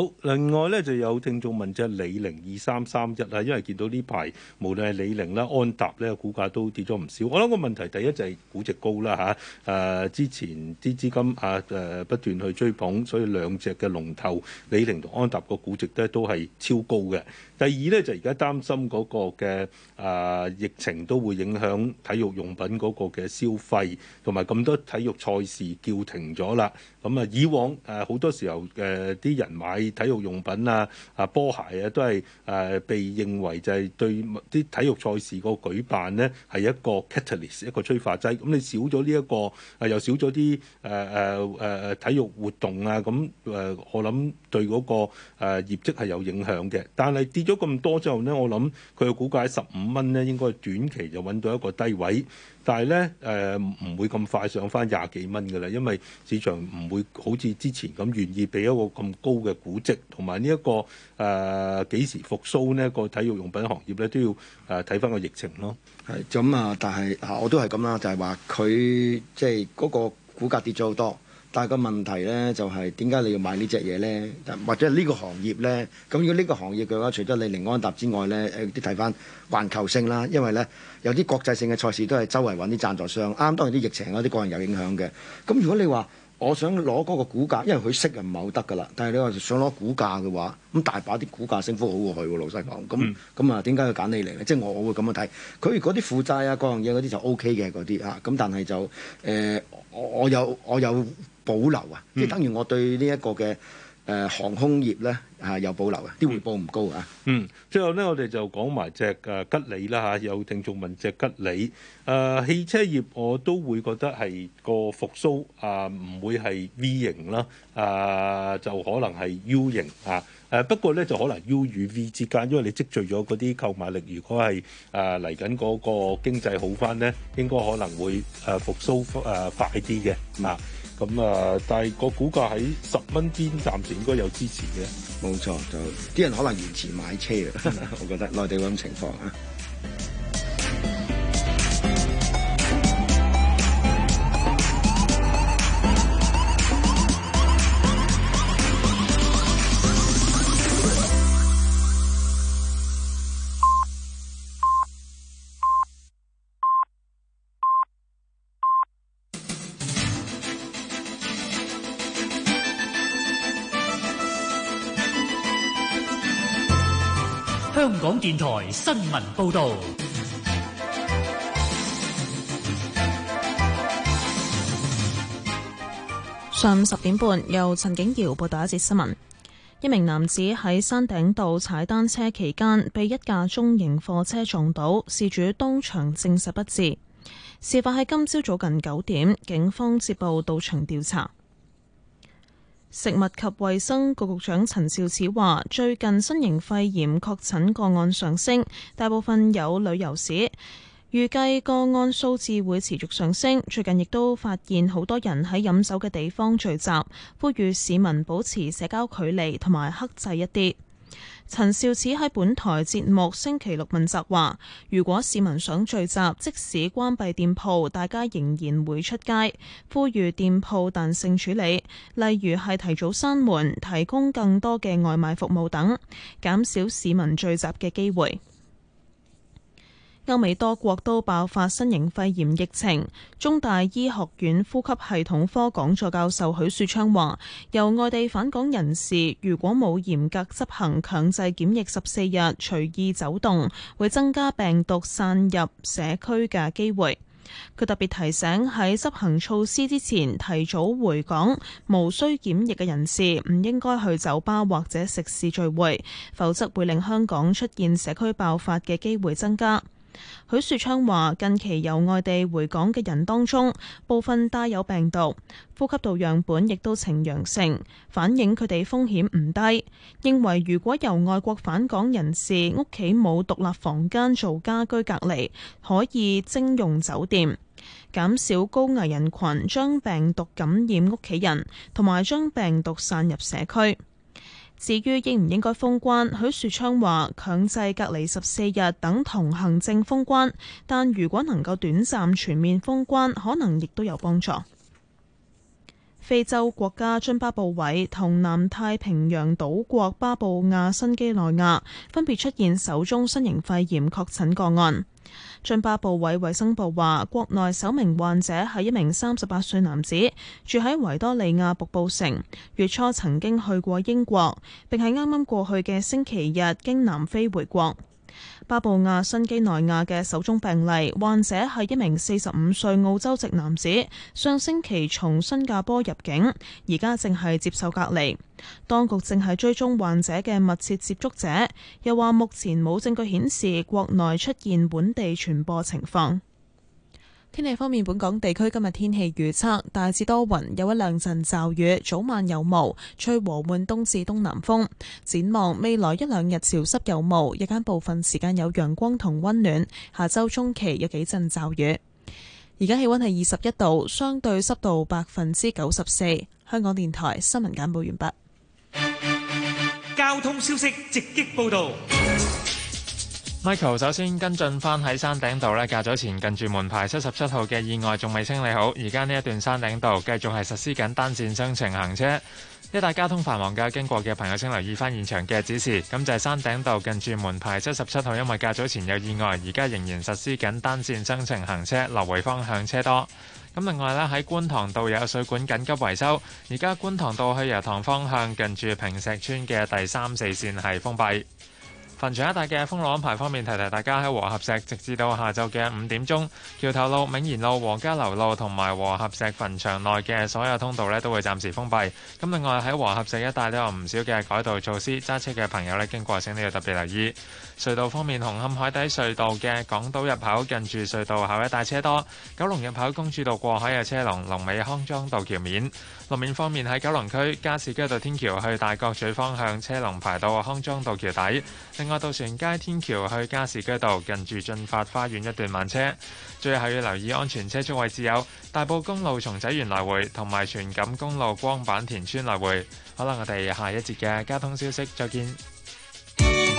好，另外咧就有聽眾問隻李寧二三三一啦，因為見到呢排無論係李寧啦、安踏咧，股價都跌咗唔少。我諗個問題第一就係、是、估值高啦吓，誒、啊、之前啲資金啊誒、啊、不斷去追捧，所以兩隻嘅龍頭李寧同安踏個估值咧都係超高嘅。第二咧就而家擔心嗰個嘅啊疫情都會影響體育用品嗰個嘅消費，同埋咁多體育賽事叫停咗啦。咁啊以往誒好、啊、多時候誒啲、啊、人買。體育用品啊，啊波鞋啊，都係誒、呃、被認為就係對啲體育賽事個舉辦呢，係一個 catalyst 一個催化劑。咁、嗯、你少咗呢一個、呃，又少咗啲誒誒誒體育活動啊，咁、嗯、誒、呃、我諗對嗰、那個誒、呃、業績係有影響嘅。但係跌咗咁多之後呢，我諗佢嘅估價喺十五蚊呢，應該短期就揾到一個低位。但係咧，誒唔會咁快上返廿幾蚊㗎喇，因為市場唔會好似之前咁願意俾一個咁高嘅估值，同埋呢一個誒幾、呃、時復甦咧個體育用品行業咧都要誒睇返個疫情咯。係咁啊，但係我都係咁啦，就係話佢即係嗰個股價跌咗好多。但個問題咧就係點解你要買隻呢隻嘢咧？或者呢個行業咧？咁如果呢個行業嘅話，除咗李寧安踏之外咧，誒啲睇翻環球性啦，因為咧有啲國際性嘅賽事都係周圍揾啲贊助商。啱啱當然啲疫情啦，啲個人有影響嘅。咁如果你話我想攞嗰個股價，因為佢息又唔係好得㗎啦。但係你話想攞股價嘅話，咁大把啲股價升幅好過佢喎，老實講。咁咁啊，點解要揀你嚟咧？即係我我會咁樣睇。佢嗰啲負債啊，各樣嘢嗰啲就 O K 嘅嗰啲嚇。咁但係就誒，我我有我有。我有我有保留啊，即係等於我對呢一個嘅誒航空業咧嚇有保留啊，啲回報唔高啊。嗯，最後咧，我哋就講埋隻誒吉利啦嚇。有聽眾問隻吉利誒汽車業，我都會覺得係個復甦啊，唔會係 V 型啦啊，就可能係 U 型啊。誒不過咧，就可能 U 與 V 之間，因為你積聚咗嗰啲購買力，如果係誒嚟緊嗰個經濟好返咧，應該可能會誒復甦誒快啲嘅啊。咁啊、嗯！但係個股價喺十蚊邊，暫時應該有支持嘅。冇錯，就啲人可能延遲買車啊， 我覺得內地咁情況。啊。香港電台新聞報道：上午十點半，由陳景堯報道一節新聞。一名男子喺山頂度踩單車期間，被一架中型貨車撞倒，事主當場證實不治。事發喺今朝早,早近九點，警方接報到場調查。食物及衛生局局長陳肇始話：最近新型肺炎確診個案上升，大部分有旅遊史，預計個案數字會持續上升。最近亦都發現好多人喺飲酒嘅地方聚集，呼籲市民保持社交距離同埋克制一啲。陳肇始喺本台節目星期六問責話：如果市民想聚集，即使關閉店鋪，大家仍然會出街。呼籲店鋪彈性處理，例如係提早閂門、提供更多嘅外賣服務等，減少市民聚集嘅機會。歐美多國都爆發新型肺炎疫情。中大醫學院呼吸系統科講座教授許樹昌話，由外地返港人士如果冇嚴格執行強制檢疫十四日，隨意走動，會增加病毒散入社區嘅機會。佢特別提醒喺執行措施之前提早回港，無需檢疫嘅人士唔應該去酒吧或者食肆聚會，否則會令香港出現社區爆發嘅機會增加。許樹昌話：近期由外地回港嘅人當中，部分帶有病毒，呼吸道樣本亦都呈陽性，反映佢哋風險唔低。認為如果由外國返港人士屋企冇獨立房間做家居隔離，可以徵用酒店，減少高危人群將病毒感染屋企人，同埋將病毒散入社區。至於應唔應該封關，許樹昌話強制隔離十四日等同行政封關，但如果能夠短暫全面封關，可能亦都有幫助。非洲國家津巴布韋同南太平洋島國巴布亞新幾內亞分別出現首宗新型肺炎確診個案。津巴布韋衛生部話，國內首名患者係一名三十八歲男子，住喺維多利亞瀑布城，月初曾經去過英國，並喺啱啱過去嘅星期日經南非回國。巴布亞新畿內亞嘅首宗病例患者係一名四十五歲澳洲籍男子，上星期從新加坡入境，而家正係接受隔離。當局正係追蹤患者嘅密切接觸者，又話目前冇證據顯示國內出現本地傳播情況。天氣方面，本港地區今日天氣預測大致多雲，有一兩陣驟雨，早晚有霧，吹和緩東至東南風。展望未來一兩日潮濕有霧，日間部分時間有陽光同溫暖。下周中期有幾陣驟雨。而家氣溫係二十一度，相對濕度百分之九十四。香港電台新聞簡報完畢。交通消息直擊報道。Michael 首先跟進返喺山頂道。咧，較早前近住門牌七十七號嘅意外仲未清理好，而家呢一段山頂道，繼續係實施緊單線雙程行車，一帶交通繁忙嘅經過嘅朋友請留意翻現場嘅指示。咁就係山頂道，近住門牌七十七號，因為較早前有意外，而家仍然實施緊單線雙程行車，流會方向車多。咁另外呢，喺觀塘道有水管緊急維修，而家觀塘道去油塘方向近住坪石邨嘅第三四線係封閉。墳場一帶嘅封路安排方面，提提大家喺和合石，直至到下晝嘅五點鐘，橋頭路、銘賢路、黃家樓路同埋和合石墳場內嘅所有通道呢，都會暫時封閉。咁另外喺和合石一帶都有唔少嘅改道措施，揸車嘅朋友呢，經過時都要特別留意。隧道方面，紅磡海底隧道嘅港島入口近住隧道口，一帶車多；九龍入口公主道過海嘅車龍，龍尾康莊道橋面。路面方面喺九龍區加士居道天橋去大角咀方向，車龍排到康莊道橋底。另外，渡船街天橋去加士居道近住進發花園一段慢車。最後要留意安全車速位置有大埔公路松仔園來回，同埋荃錦公路光板田村來回。好啦，我哋下一節嘅交通消息，再見。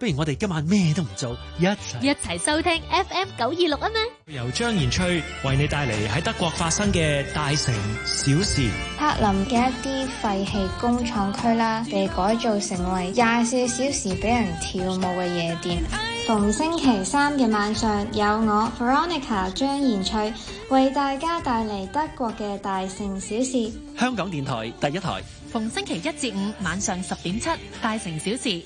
不如我哋今晚咩都唔做，一齊一齊收聽 FM 九二六啊嘛！由張延翠為你帶嚟喺德國發生嘅大城小事。柏林嘅一啲廢棄工廠區啦，被改造成為廿四小時俾人跳舞嘅夜店。逢星期三嘅晚上有我 Veronica 張延翠為大家帶嚟德國嘅大城小事。香港電台第一台。逢星期一至五晚上十點七，大城小事。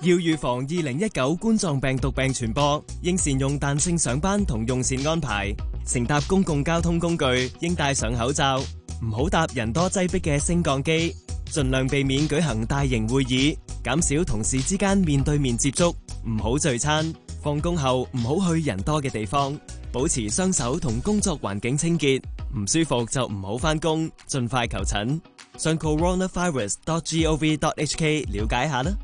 要預防二零一九冠狀病毒病傳播，應善用彈性上班同用膳安排。乘搭公共交通工具應戴上口罩，唔好搭人多擠迫嘅升降機。盡量避免舉行大型會議，減少同事之間面對面接觸。唔好聚餐，放工後唔好去人多嘅地方。保持雙手同工作環境清潔。唔舒服就唔好翻工，盡快求診。上 coronavirus.gov.hk 了解下啦。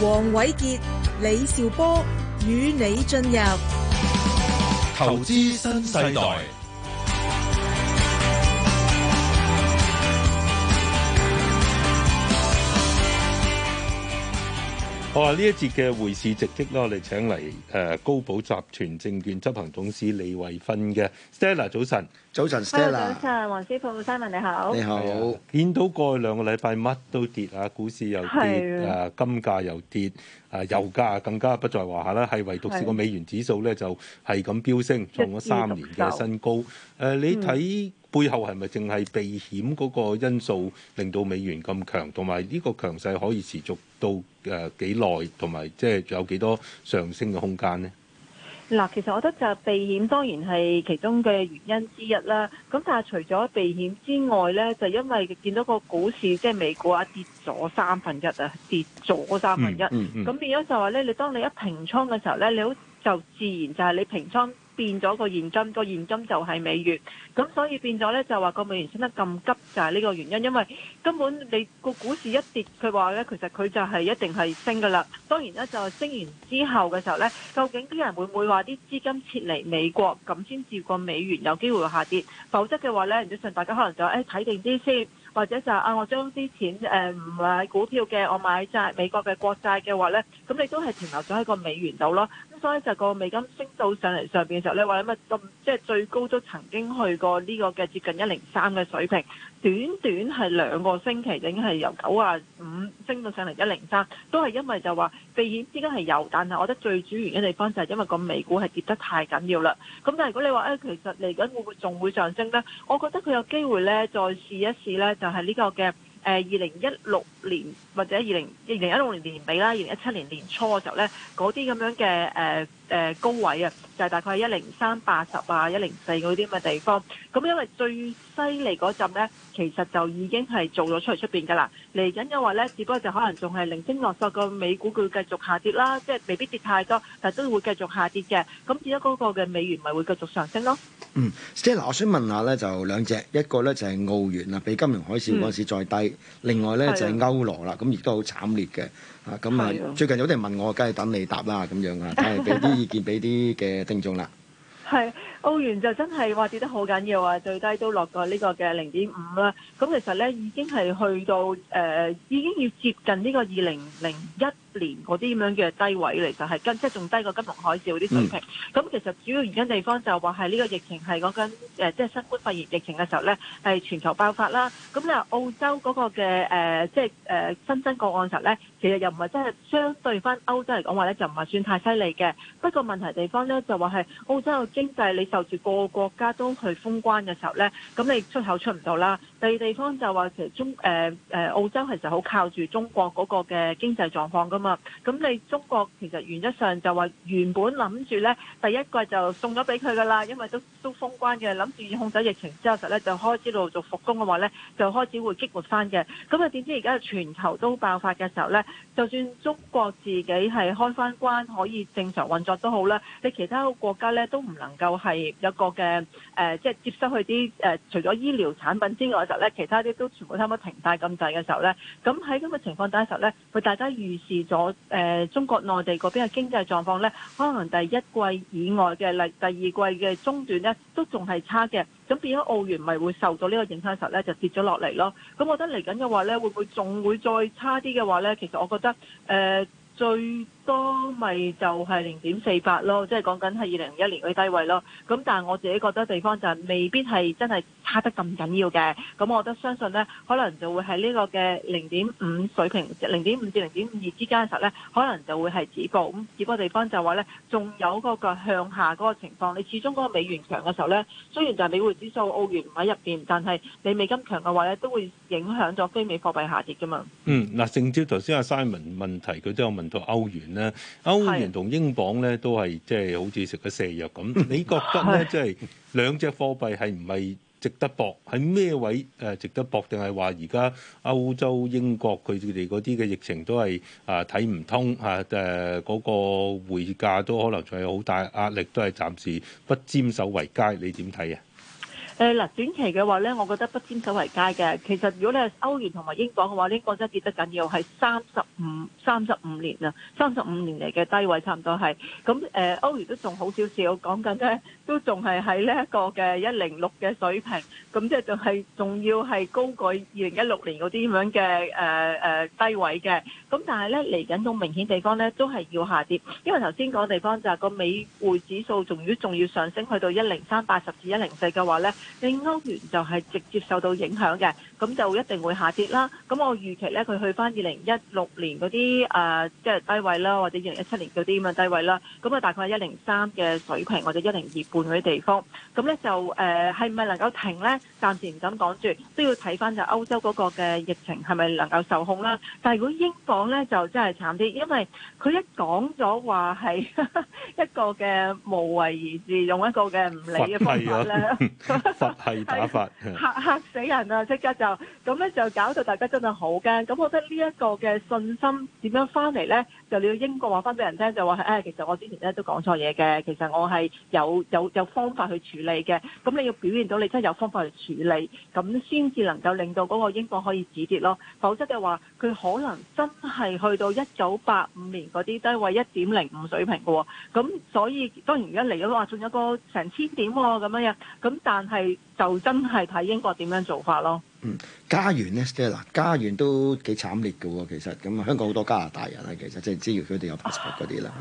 黃瑋傑、李兆波與你進入投資新世代。好喇，呢一節嘅匯市直擊咯，我哋請嚟、呃、高寶集團證券執行董事李慧芬嘅 Stella 早晨。早晨，Stella。早晨，黃師傅，Simon 你好。你好。見到過去兩個禮拜乜都跌啊，股市又跌，啊的金價又跌，啊油價更加不在話下啦。係唯獨是個美元指數咧，就係咁飆升，創咗三年嘅新高。誒、啊，你睇背後係咪淨係避險嗰個因素令到美元咁強，同埋呢個強勢可以持續到誒幾耐，同埋即係仲有幾多上升嘅空間咧？嗱，其實我覺得就係避險，當然係其中嘅原因之一啦。咁但係除咗避險之外咧，就因為見到個股市即係、就是、美股啊跌咗三分一啊，跌咗三分一、嗯，咁、嗯嗯、變咗就話咧，你當你一平倉嘅時候咧，你好就自然就係你平倉。變咗個現金，個現金就係美元，咁所以變咗呢，就話個美元升得咁急就係、是、呢個原因，因為根本你個股市一跌，佢話呢，其實佢就係一定係升噶啦。當然呢，就升完之後嘅時候呢，究竟啲人會唔會話啲資金撤離美國咁先至個美元有機會下跌？否則嘅話呢，我相信大家可能就誒睇、哎、定啲先，或者就是、啊我將啲錢誒唔、嗯、買股票嘅，我買債美國嘅國債嘅話呢，咁你都係停留咗喺個美元度咯。所以就個美金升到上嚟上邊嘅時候咧，話乜咁即係最高都曾經去過呢個嘅接近一零三嘅水平，短短係兩個星期就已經係由九啊五升到上嚟一零三，都係因為就話避險資金係有，但係我覺得最主要嘅地方就係因為個美股係跌得太緊要啦。咁但係如果你話誒、哎，其實嚟緊會唔會仲會上升咧？我覺得佢有機會咧，再試一試咧，就係、是、呢個嘅。誒二零一六年或者二零二零一六年年年尾啦，二零一七年年初嘅時候咧，嗰啲咁樣嘅誒。Uh 誒高位、就係、啊，就係大概係一零三八十啊，一零四嗰啲咁嘅地方。咁因為最犀利嗰陣呢，其實就已經係做咗出嚟出邊㗎啦。嚟緊嘅話呢，只不過就可能仲係零星落索，個美股佢繼續下跌啦，即係未必跌太多，但係都會繼續下跌嘅。咁至於嗰個嘅美元咪會繼續上升咯。嗯，即係嗱，我想問下呢，就兩隻，一個呢就係澳元啊，比金融海嘯嗰時再低。嗯、另外呢，就係歐羅啦，咁亦的都好慘烈嘅。咁啊，那的最近有啲人問我，梗係等你答啦，咁樣啊，梗係俾啲意見，俾啲嘅聽眾啦。係澳元就真係話跌得好緊要啊，最低都落過呢個嘅零點五啦。咁其實咧，已經係去到誒、呃，已經要接近呢個二零零一，連嗰啲咁樣嘅低位嚟，就係跟即係仲低過金融海嘯啲水平。咁、mm. 嗯、其實主要原因地方就話係呢個疫情係講緊誒，即係新冠肺炎疫情嘅時候咧，係全球爆發啦。咁你話澳洲嗰個嘅誒，即係誒新增個案時候咧，其實又唔係真係相對翻歐洲嚟講話咧，就唔係算太犀利嘅。不過問題地方咧就話係澳洲嘅經濟，你受住個個國家都去封關嘅時候咧，咁你出口出唔到啦。第二地方就話其實中誒誒、呃、澳洲其實好靠住中國嗰個嘅經濟狀況㗎嘛，咁你中國其實原則上就話原本諗住咧，第一季就送咗俾佢㗎啦，因為都都封關嘅，諗住控制疫情之後實咧就開始到做復工嘅話咧，就開始會激活翻嘅。咁啊點知而家全球都爆發嘅時候咧，就算中國自己係開翻關可以正常運作都好啦，你其他國家咧都唔能夠係有個嘅誒、呃，即係接收佢啲誒，除咗醫療產品之外。咧其他啲都全部差唔多停晒咁滯嘅時候咧，咁喺咁嘅情況底下時候咧，佢大家預示咗誒、呃、中國內地嗰邊嘅經濟狀況咧，可能第一季以外嘅第第二季嘅中段咧，都仲係差嘅，咁變咗澳元咪會受到呢個影響嘅時候咧，就跌咗落嚟咯。咁我覺得嚟緊嘅話咧，會唔會仲會再差啲嘅話咧？其實我覺得誒、呃、最。都咪就係零點四八咯，即係講緊係二零一年嘅低位咯。咁但係我自己覺得地方就係未必係真係差得咁緊要嘅。咁我覺得相信呢，可能就會係呢個嘅零點五水平，零點五至零點五二之間嘅時候呢，可能就會係止步。咁止步嘅地方就話呢，仲有個向下嗰個情況。你始終嗰個美元強嘅時候呢，雖然就係美，美匯指數、澳元唔喺入邊，但係你美金強嘅話呢，都會影響咗非美貨幣下跌㗎嘛。嗯，嗱，正朝頭先阿 Simon 問題，佢都有問到歐元。咧歐元同英鎊咧都係即係好似食咗瀉藥咁，你覺得咧即係兩隻貨幣係唔係值得搏？喺咩位誒值得搏？定係話而家歐洲英國佢哋嗰啲嘅疫情都係啊睇唔通啊，誒嗰個匯價都可能仲有好大壓力，都係暫時不沾手為佳。你點睇啊？誒嗱，短、呃、期嘅話咧，我覺得不斬手為佳嘅。其實如果你係歐元同埋英鎊嘅話，英國真係跌得緊要，係三十五三十五年啦，三十五年嚟嘅低位差，差唔多係。咁、呃、誒，歐元都仲好少少，講緊咧都仲係喺呢一個嘅一零六嘅水平。咁即係仲係仲要係高過二零一六年嗰啲咁樣嘅誒誒低位嘅。咁但係咧嚟緊都明顯地方咧，都係要下跌，因為頭先講地方就係個美匯指數，如果仲要上升去到一零三八十至一零四嘅話咧，英歐元就係直接受到影響嘅，咁就一定會下跌啦。咁我預期咧佢去翻二零一六年嗰啲誒即係低位啦，或者二零一七年嗰啲咁嘅低位啦，咁啊大概係一零三嘅水平或者一零二半嗰啲地方。咁咧就誒係唔係能夠停咧？暫時唔敢講住，都要睇翻就歐洲嗰個嘅疫情係咪能夠受控啦。但係如果英國，講咧就真係慘啲，因為佢一講咗話係一個嘅無為而治，用一個嘅唔理嘅方法咧，佛系、啊、 佛系打法，嚇嚇死人啊！即刻就咁咧就搞到大家真係好驚。咁我覺得呢一個嘅信心點樣翻嚟咧，就你要英國話翻俾人聽，就話係誒，其實我之前咧都講錯嘢嘅，其實我係有有有方法去處理嘅。咁你要表現到你真係有方法去處理，咁先至能夠令到嗰個英國可以止跌咯。否則嘅話，佢可能真係去到一九八五年嗰啲低位一點零五水平嘅、哦，咁所以當然而家嚟咗話，仲有個成千點喎、哦、咁樣樣，咁但係就真係睇英國點樣做法咯。嗯，加元咧，即係嗱，加元都幾慘烈嘅喎、哦，其實咁啊，香港好多加拿大人啊，其實即係只要佢哋有 passport 嗰啲啦。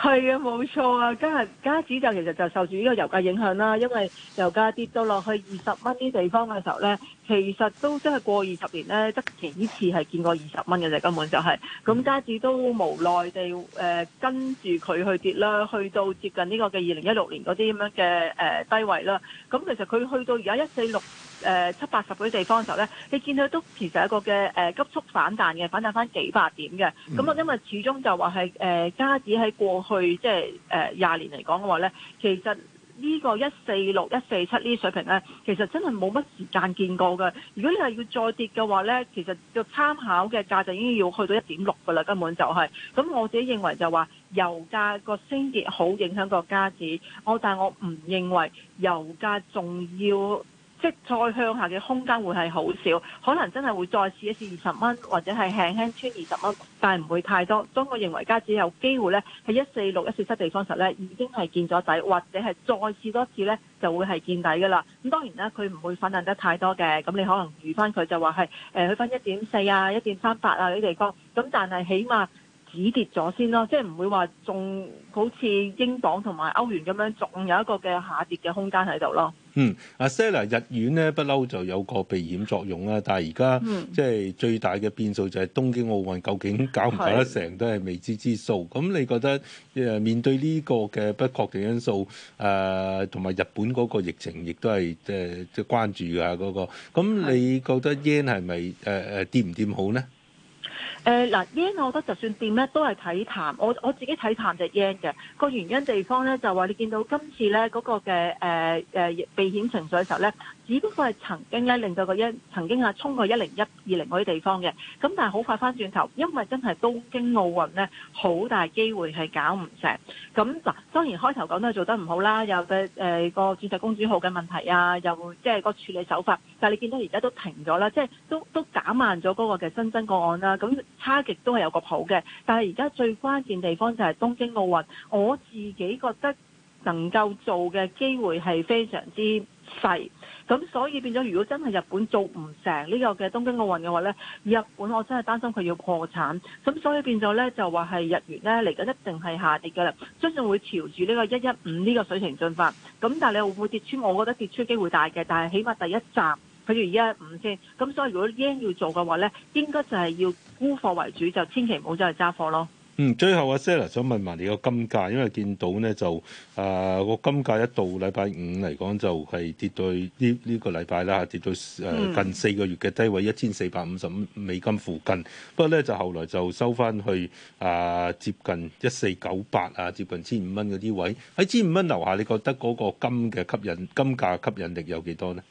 係啊，冇錯啊，今日家子就其實就受住呢個油價影響啦，因為油價跌到落去二十蚊啲地方嘅時候呢，其實都真係過二十年呢，得幾次係見過二十蚊嘅啫，根本就係、是、咁家子都無奈地誒、呃、跟住佢去跌啦，去到接近呢個嘅二零一六年嗰啲咁樣嘅誒、呃、低位啦。咁其實佢去到而家一四六。誒、呃、七八十嗰啲地方嘅時候咧，你見佢都其實係一個嘅誒、呃、急速反彈嘅，反彈翻幾百點嘅。咁啊、嗯，因為始終就話係誒加指喺過去即係誒廿年嚟講嘅話咧，其實呢個一四六、一四七呢啲水平咧，其實真係冇乜時間見過嘅。如果你係要再跌嘅話咧，其實個參考嘅價就已經要去到一點六㗎喇，根本就係、是、咁。我自己認為就話油價個升跌好影響個加指，但我但係我唔認為油價仲要。即係再向下嘅空間會係好少，可能真係會再試一試二十蚊，或者係輕輕穿二十蚊，但係唔會太多。當我認為，家只有機會咧，喺一四六、一四七地方時咧已經係見咗底，或者係再試多次咧就會係見底噶啦。咁當然咧，佢唔會反彈得太多嘅。咁你可能預翻佢就話係誒去翻一點四啊、一點三八啊啲地方，咁但係起碼止跌咗先咯，即係唔會話仲好似英鎊同埋歐元咁樣仲有一個嘅下跌嘅空間喺度咯。嗯，阿 Sela 日圓咧不嬲就有個避險作用啦，但係而家即係最大嘅變數就係東京奧運究竟搞唔搞得成都係未知之數，咁是你覺得誒面對呢個嘅不確定因素，誒同埋日本嗰個疫情亦都係即係即係關注啊嗰、嗰個。咁你覺得 yen 係咪誒誒掂唔掂好咧？誒嗱，yen 我覺得就算跌咧，都係睇淡。我我自己睇淡隻 yen 嘅個原因地方咧，就話你見到今次咧嗰、嗰個嘅誒誒避險情緒嘅時候咧。只不過係曾經咧令到個一曾經啊衝過一零一、二零嗰啲地方嘅，咁但係好快翻轉頭，因為真係東京奧運咧，好大機會係搞唔成。咁嗱，當然開頭講都係做得唔好啦，有嘅誒個鑽石公主號嘅問題啊，又即係個處理手法。但係你見到而家都停咗啦，即係都都減慢咗嗰個嘅新增個案啦。咁差極都係有個譜嘅，但係而家最關鍵地方就係東京奧運。我自己覺得能夠做嘅機會係非常之細。咁所以變咗，如果真係日本做唔成呢個嘅東京奧運嘅話咧，日本我真係擔心佢要破產。咁所以變咗咧，就話係日元咧嚟緊一定係下跌㗎喇，相信會朝住呢個一一五呢個水平進發。咁但係你會唔會跌穿？我覺得跌穿機會大嘅，但係起碼第一站，譬如一一五先。咁所以如果應要做嘅話咧，應該就係要沽貨為主，就千祈唔好再係揸貨咯。嗯，最後阿 Sella 想問埋你個金價，因為見到咧就啊個、呃、金價一到禮拜五嚟講就係跌到呢呢、這個禮拜啦，跌到誒、呃、近四個月嘅低位一千四百五十五美金附近。不過咧就後來就收翻去啊、呃、接近一四九八啊，接近千五蚊嗰啲位喺千五蚊樓下，你覺得嗰個金嘅吸引金價吸引力有幾多咧？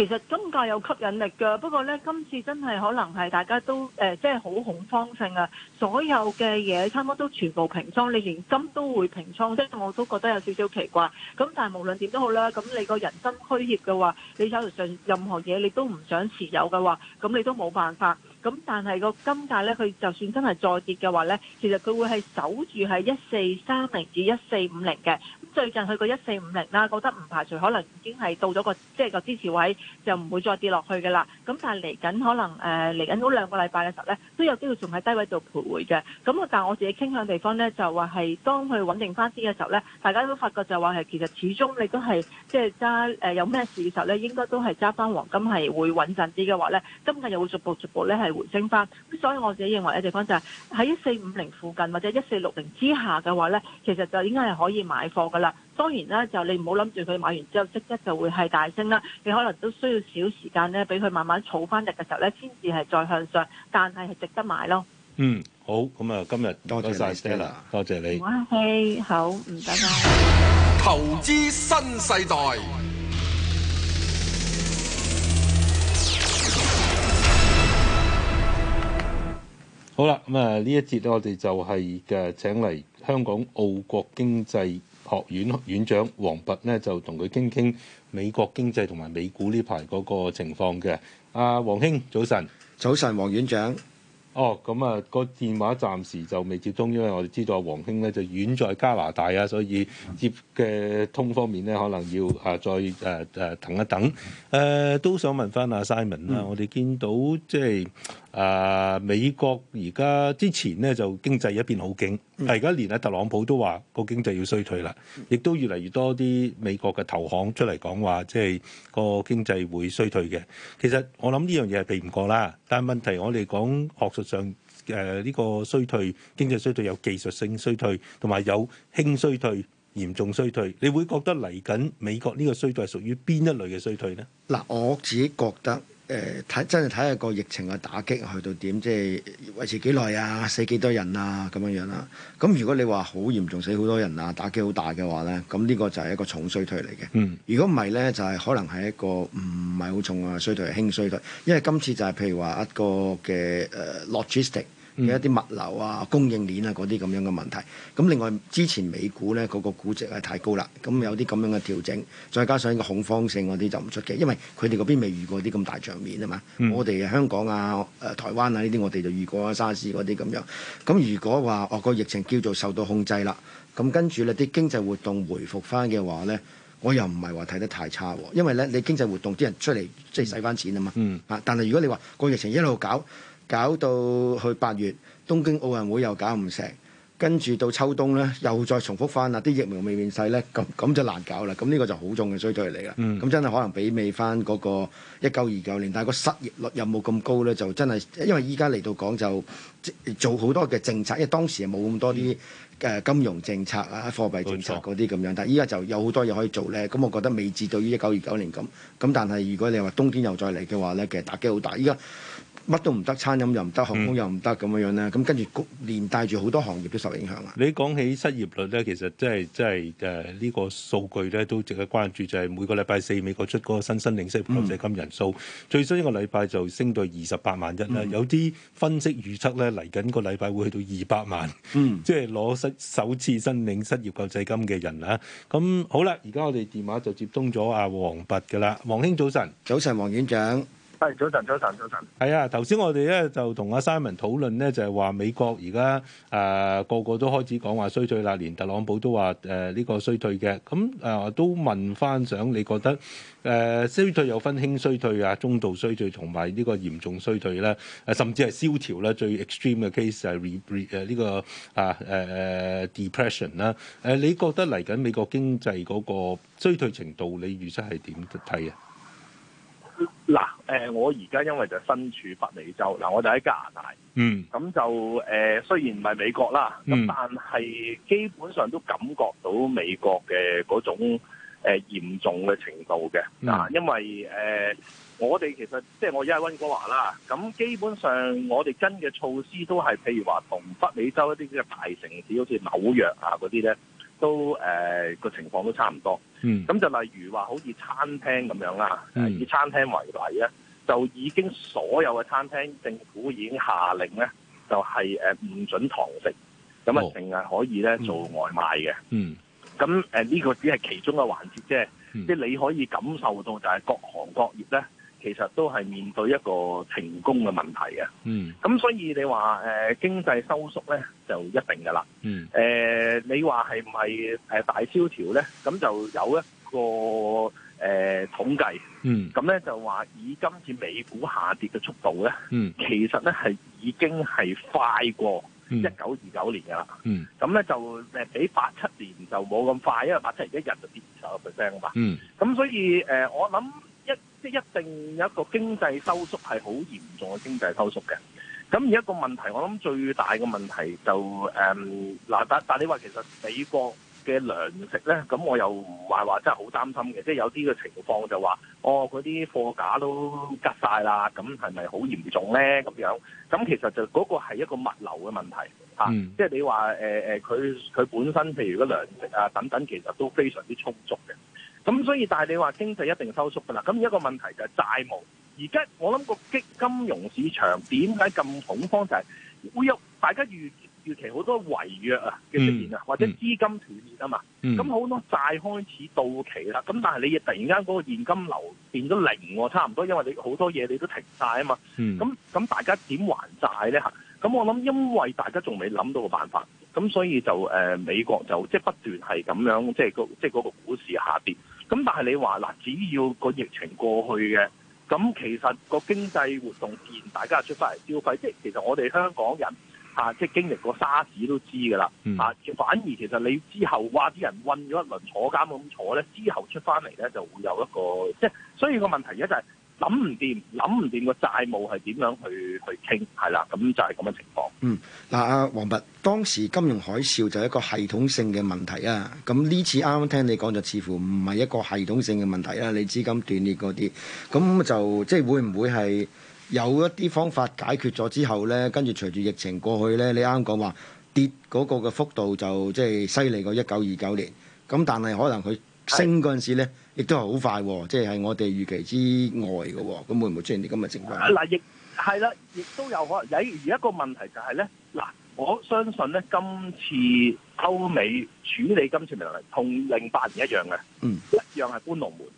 其實金價有吸引力㗎，不過呢，今次真係可能係大家都誒，即係好恐慌性啊！所有嘅嘢差唔多都全部平倉，你連金都會平倉，即係我都覺得有少少奇怪。咁但係無論點都好啦，咁你個人心虛怯嘅話，你手上任何嘢你都唔想持有嘅話，咁你都冇辦法。咁但係個金價呢，佢就算真係再跌嘅話呢，其實佢會係守住係一四三零至一四五零嘅。最近去過一四五零啦，覺得唔排除可能已經係到咗個即係個支持位，就唔會再跌落去嘅啦。咁但係嚟緊可能誒嚟緊嗰兩個禮拜嘅時候咧，都有機會仲喺低位度徘徊嘅。咁但係我自己傾向地方咧，就話係當佢穩定翻啲嘅時候咧，大家都發覺就話係其實始終你都係即係揸誒有咩事嘅時候咧，應該都係揸翻黃金係會穩陣啲嘅話咧，今日又會逐步逐步咧係回升翻。咁所以我自己認為嘅地方就係喺一四五零附近或者一四六零之下嘅話咧，其實就應該係可以買貨嘅啦。當然啦，就你唔好諗住佢買完之後即刻就會係大升啦。你可能都需要少時間咧，俾佢慢慢儲翻嚟嘅時候咧，先至係再向上。但係係值得買咯。嗯，好，咁啊，今日多謝晒 Stella，多謝你。唔 Stella 好氣，好唔該。投資新世代，好啦，咁啊呢一節咧，我哋就係嘅請嚟香港澳國經濟。學院院長黃拔呢，就同佢傾傾美國經濟同埋美股呢排嗰個情況嘅。阿黃兄，早晨。早晨，黃院長。哦，咁啊，個電話暫時就未接通，因為我哋知道阿黃兄呢就遠在加拿大啊，所以接嘅通方面呢，可能要啊再誒誒、啊啊、等一等。誒、啊、都想問翻阿 Simon 啊、嗯，我哋見到即係。就是啊、呃！美國而家之前咧就經濟一片好勁，但而家連阿特朗普都話個經濟要衰退啦，亦都越嚟越多啲美國嘅投行出嚟講話，即係個經濟會衰退嘅。其實我諗呢樣嘢係避唔過啦，但係問題我哋講學術上誒呢、呃這個衰退經濟衰退有技術性衰退同埋有，有輕衰退、嚴重衰退，你會覺得嚟緊美國呢個衰退係屬於邊一類嘅衰退呢？嗱，我自己覺得。誒睇真係睇下個疫情嘅打擊去到點，即係維持幾耐啊，死幾多人啊咁樣樣啦。咁如果你話好嚴重，死好多人啊，打擊好大嘅話咧，咁呢個就係一個重衰退嚟嘅。嗯，如果唔係咧，就係、是、可能係一個唔係好重嘅衰退，輕衰退。因為今次就係譬如話一個嘅誒 logistic。呃 Log 嘅一啲物流啊、供應鏈啊嗰啲咁樣嘅問題，咁另外之前美股呢嗰、那個估值係太高啦，咁有啲咁樣嘅調整，再加上一個恐慌性嗰啲就唔出奇，因為佢哋嗰邊未遇過啲咁大場面啊嘛。嗯、我哋香港啊、誒、呃、台灣啊呢啲，我哋就遇過啊，沙士嗰啲咁樣。咁如果話哦個疫情叫做受到控制啦，咁跟住呢啲經濟活動回復翻嘅話呢，我又唔係話睇得太差喎，因為呢，你經濟活動啲人出嚟即係使翻錢啊嘛。嚇！嗯嗯、但係如果你話個疫情一路搞，搞到去八月，東京奧運會又搞唔成，跟住到秋冬呢，又再重複翻啦。啲疫苗未面世呢，咁咁就難搞啦。咁呢個就好重嘅衰退嚟啦。咁、嗯、真係可能媲美翻嗰個一九二九年，但係個失業率有冇咁高呢？就真係因為依家嚟到講就做好多嘅政策，因為當時冇咁多啲誒金融政策啊、貨幣政策嗰啲咁樣。嗯、但係依家就有好多嘢可以做呢。咁我覺得未至到於一九二九年咁。咁但係如果你話冬天又再嚟嘅話呢，其實打擊好大。依家乜都唔得，餐飲又唔得，航空又唔得，咁樣樣咧，咁跟住連帶住好多行業都受影響啦。你講起失業率咧，其實真係真係誒呢個數據咧都值得關注，就係每個禮拜四美國出嗰個新申領失業救濟金人數，最新一個禮拜就升到二十八萬一啦。有啲分析預測咧嚟緊個禮拜會去到二百萬，即係攞失首次申領失業救濟金嘅人啊！咁好啦，而家我哋電話就接通咗阿黃拔㗎啦，黃兄早晨。早晨，黃院長。係早晨，早晨，早晨。係啊，頭先我哋咧就同阿 Simon 討論咧，就係、是、話美國而家誒個個都開始講話衰退啦，連特朗普都話誒呢個衰退嘅。咁誒、呃、都問翻，想你覺得誒、呃、衰退有分輕衰退啊、中度衰退同埋呢個嚴重衰退咧？誒、啊，甚至係蕭條咧，最 extreme 嘅 case 係誒呢個啊誒誒、啊、depression 啦。誒，你覺得嚟緊美國經濟嗰個衰退程度，你預測係點睇啊？嗱，誒、啊呃，我而家因為就身處北美洲，嗱、啊，我哋喺加拿大，嗯，咁就誒、呃，雖然唔係美國啦，咁、嗯、但係基本上都感覺到美國嘅嗰種誒、呃、嚴重嘅程度嘅，嗱、啊，因為誒、呃，我哋其實即係我而家喺溫哥華啦，咁、啊、基本上我哋跟嘅措施都係譬如話同北美洲一啲嘅大城市，好似紐約啊嗰啲咧。都誒個、呃、情況都差唔多，咁、嗯、就例如話，好似餐廳咁樣啦，嗯、以餐廳為例啊，就已經所有嘅餐廳政府已經下令咧，就係誒唔準堂食，咁啊、哦，淨、嗯、係可以咧做外賣嘅、嗯。嗯，咁誒呢個只係其中嘅環節啫，即係、嗯、你可以感受到就係各行各業咧。其實都係面對一個停工嘅問題啊！嗯，咁所以你話誒、呃、經濟收縮咧，就一定噶啦。嗯，誒、呃、你話係唔係誒大蕭條咧？咁就有一個誒、呃、統計。嗯，咁咧就話以今次美股下跌嘅速度咧、嗯嗯，嗯，其實咧係已經係快過一九二九年噶啦。嗯，咁咧就誒比八七年就冇咁快，因為八七年一日就跌二十個 percent 啊嘛。嗯，咁所以誒、呃、我諗。一即一定有一個經濟收縮係好嚴重嘅經濟收縮嘅，咁而一個問題，我諗最大嘅問題就誒、是、嗱、嗯，但但你話其實美國嘅糧食咧，咁我又唔係話真係好擔心嘅，即係有啲嘅情況就話哦，嗰啲貨架都吉晒啦，咁係咪好嚴重咧？咁樣咁其實就嗰、那個係一個物流嘅問題嚇，即係你話誒誒，佢佢、嗯呃、本身譬如嗰糧食啊等等，其實都非常之充足嘅。咁所以，但係你話經濟一定收縮㗎啦。咁一個問題就係債務。而家我諗個金金融市場點解咁恐慌，就係會有大家預預期好多違約啊嘅出現啊，或者資金斷裂啊嘛。咁好、嗯嗯、多債開始到期啦。咁但係你突然間嗰個現金流變咗零、哦，差唔多，因為你好多嘢你都停晒啊嘛。咁咁、嗯、大家點還債咧？嚇咁我諗，因為大家仲未諗到個辦法，咁所以就誒、呃、美國就即係不斷係咁樣，即、就、係、嗰個即係嗰個股市下跌。咁但係你話嗱，只要個疫情過去嘅，咁其實個經濟活動自然大家出翻嚟消費。即係其實我哋香港人嚇，即係經歷過沙士都知㗎啦。嚇，反而其實你之後話啲人韞咗一輪坐監咁坐咧，之後出翻嚟咧就會有一個即係，所以個問題而家就係、是。諗唔掂，諗唔掂個債務係點樣去去傾係啦，咁就係咁嘅情況。嗯，嗱、啊、阿黃伯，當時金融海嘯就係一個系統性嘅問題啊。咁呢次啱啱聽你講就似乎唔係一個系統性嘅問題啦。你資金斷裂嗰啲，咁就即係會唔會係有一啲方法解決咗之後呢？跟住隨住疫情過去呢，你啱講話跌嗰個嘅幅度就即係犀利過一九二九年。咁但係可能佢升嗰陣時咧。亦都係好快，即係我哋預期之外嘅，咁會唔會出現啲咁嘅情況？嗱、嗯，亦係啦，亦都有可能。有而一個問題就係咧，嗱，我相信咧，今次歐美處理金錢問題同零八年一樣嘅，一樣係搬龍門。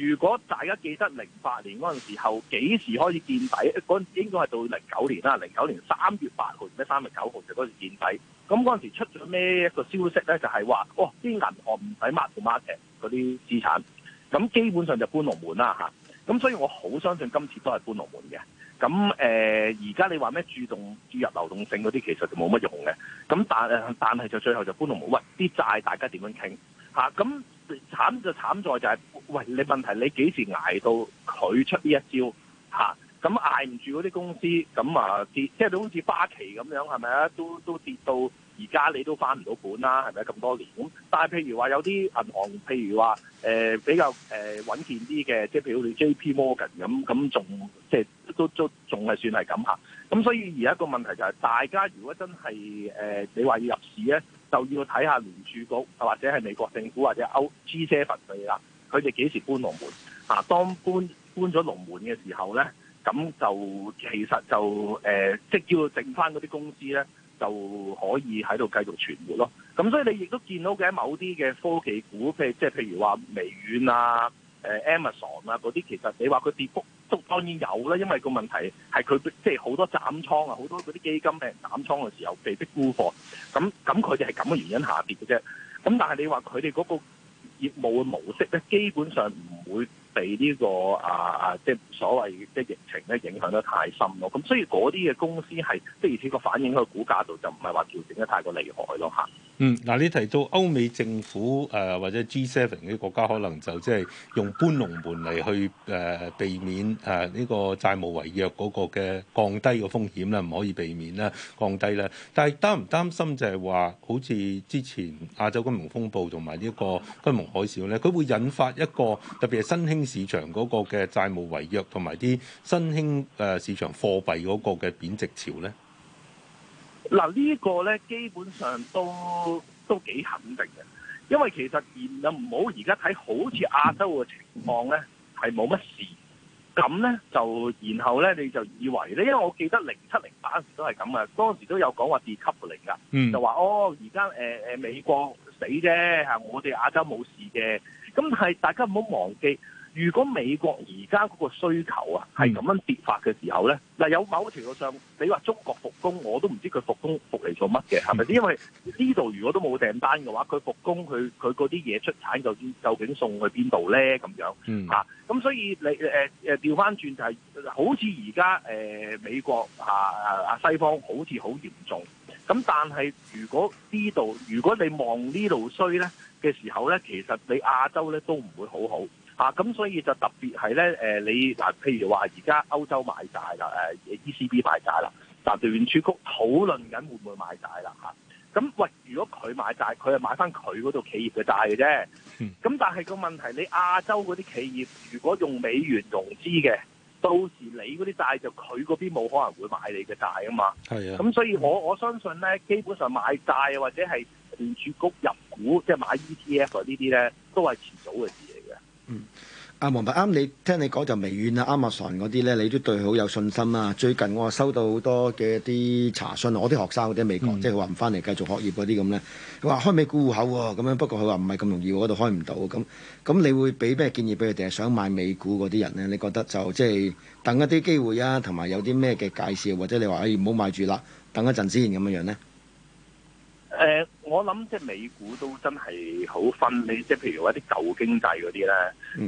如果大家記得零八年嗰陣時候幾時開始見底，嗰陣應該係到零九年啦，零九年三月八號定咩三月九號就嗰時見底。咁嗰陣時出咗咩一個消息咧，就係、是、話，哇、哦，啲銀行唔使 mark to market 嗰啲資產，咁基本上就搬龍門啦嚇。咁所以我好相信今次都係搬龍門嘅。咁誒，而、呃、家你話咩主動注入流動性嗰啲，其實冇乜用嘅。咁但係但係就最後就搬龍門。喂，啲債大家點樣傾嚇？咁、啊慘就慘在就係、是，喂，你問題，你幾時挨到佢出呢一招吓？咁挨唔住嗰啲公司，咁啊跌，即係好似花旗咁樣，係咪啊？都都跌到而家你都翻唔到本啦，係咪咁多年？咁但係譬如話有啲銀行，譬如話誒、呃、比較誒穩、呃、健啲嘅，即係譬如好似 JP Morgan 咁，咁仲即係都都仲係算係咁吓。咁、啊、所以而家個問題就係、是，大家如果真係誒、呃、你話要入市咧？就要睇下聯儲局，或者係美國政府，或者歐資者份佢哋啦，佢哋幾時搬龍門啊？當搬搬咗龍門嘅時候咧，咁就其實就誒，即係要剩翻嗰啲公司咧，就可以喺度繼續存活咯。咁所以你亦都見到嘅某啲嘅科技股，譬如即係譬如話微軟啊、誒、呃、Amazon 啊嗰啲，其實你話佢跌幅。當然有啦，因為個問題係佢即係好多斬倉啊，好多嗰啲基金俾人斬倉嘅時候被逼沽貨，咁咁佢哋係咁嘅原因下跌嘅啫。咁但係你話佢哋嗰個業務嘅模式咧，基本上唔會。被呢、這個啊啊，即係所謂嘅即疫情咧影響得太深咯，咁所以嗰啲嘅公司係即係而家個反應個股價度就唔係話調整得太過厲害咯吓，嗯，嗱你提到歐美政府誒、呃、或者 G7 嗰啲國家可能就即係用搬龍門嚟去誒、呃、避免誒呢個債務違約嗰個嘅降低個風險啦，唔可以避免啦，降低啦。但係擔唔擔心就係話好似之前亞洲金融風暴同埋呢個金融海嘯咧，佢會引發一個特別係新興。市場嗰個嘅債務違約，同埋啲新興誒、呃、市場貨幣嗰個嘅貶值潮咧，嗱呢個咧基本上都都幾肯定嘅，因為其實而唔好而家睇，好似亞洲嘅情況咧係冇乜事，咁咧就然後咧你就以為咧，因為我記得零七零八時都係咁嘅，當時都有講話 decoupling 噶，嗯、就話哦而家誒誒美國死啫吓，我哋亞洲冇事嘅，咁係大家唔好忘記。如果美國而家嗰個需求啊，係咁樣跌法嘅時候咧，嗱、嗯、有某程度上，你話中國復工，我都唔知佢復工復嚟做乜嘅，係咪先？嗯、因為呢度如果都冇訂單嘅話，佢復工佢佢嗰啲嘢出產就究，究竟送去邊度咧？咁樣嚇，咁、嗯啊、所以你誒誒調翻轉就係、是、好似而家誒美國啊啊西方好似好嚴重，咁但係如果呢度如果你望呢度衰咧嘅時候咧，其實你亞洲咧都唔會好好。啊，咁所以就特別係咧，誒、呃，你嗱，譬如話而家歐洲買債啦，誒、呃、E C B 買債啦，嗱，聯儲局討論緊會唔會買債啦？嚇、啊，咁喂、呃，如果佢買債，佢係買翻佢嗰度企業嘅債嘅啫。咁但係個問題，你亞洲嗰啲企業如果用美元融資嘅，到時你嗰啲債就佢嗰邊冇可能會買你嘅債啊嘛。係啊的。咁所以我，我我相信咧，基本上買債或者係聯儲局入股，即係買 E T F 啊呢啲咧，都係遲早嘅事嚟嘅。阿黃伯啱你聽你講就微軟啊、Amazon 嗰啲呢，你都對佢好有信心啊。最近我收到好多嘅啲查詢，我啲學生嗰啲美國，即係佢話唔翻嚟繼續學業嗰啲咁呢。佢話開美股戶口喎、啊，咁樣不過佢話唔係咁容易，嗰度開唔到咁。咁你會俾咩建議俾佢哋，想買美股嗰啲人呢，你覺得就即係、就是、等一啲機會啊，同埋有啲咩嘅介紹，或者你話哎唔好買住啦，等一陣先咁樣樣咧。嗯我諗即係美股都真係好分，你即係譬如話一啲舊經濟嗰啲咧，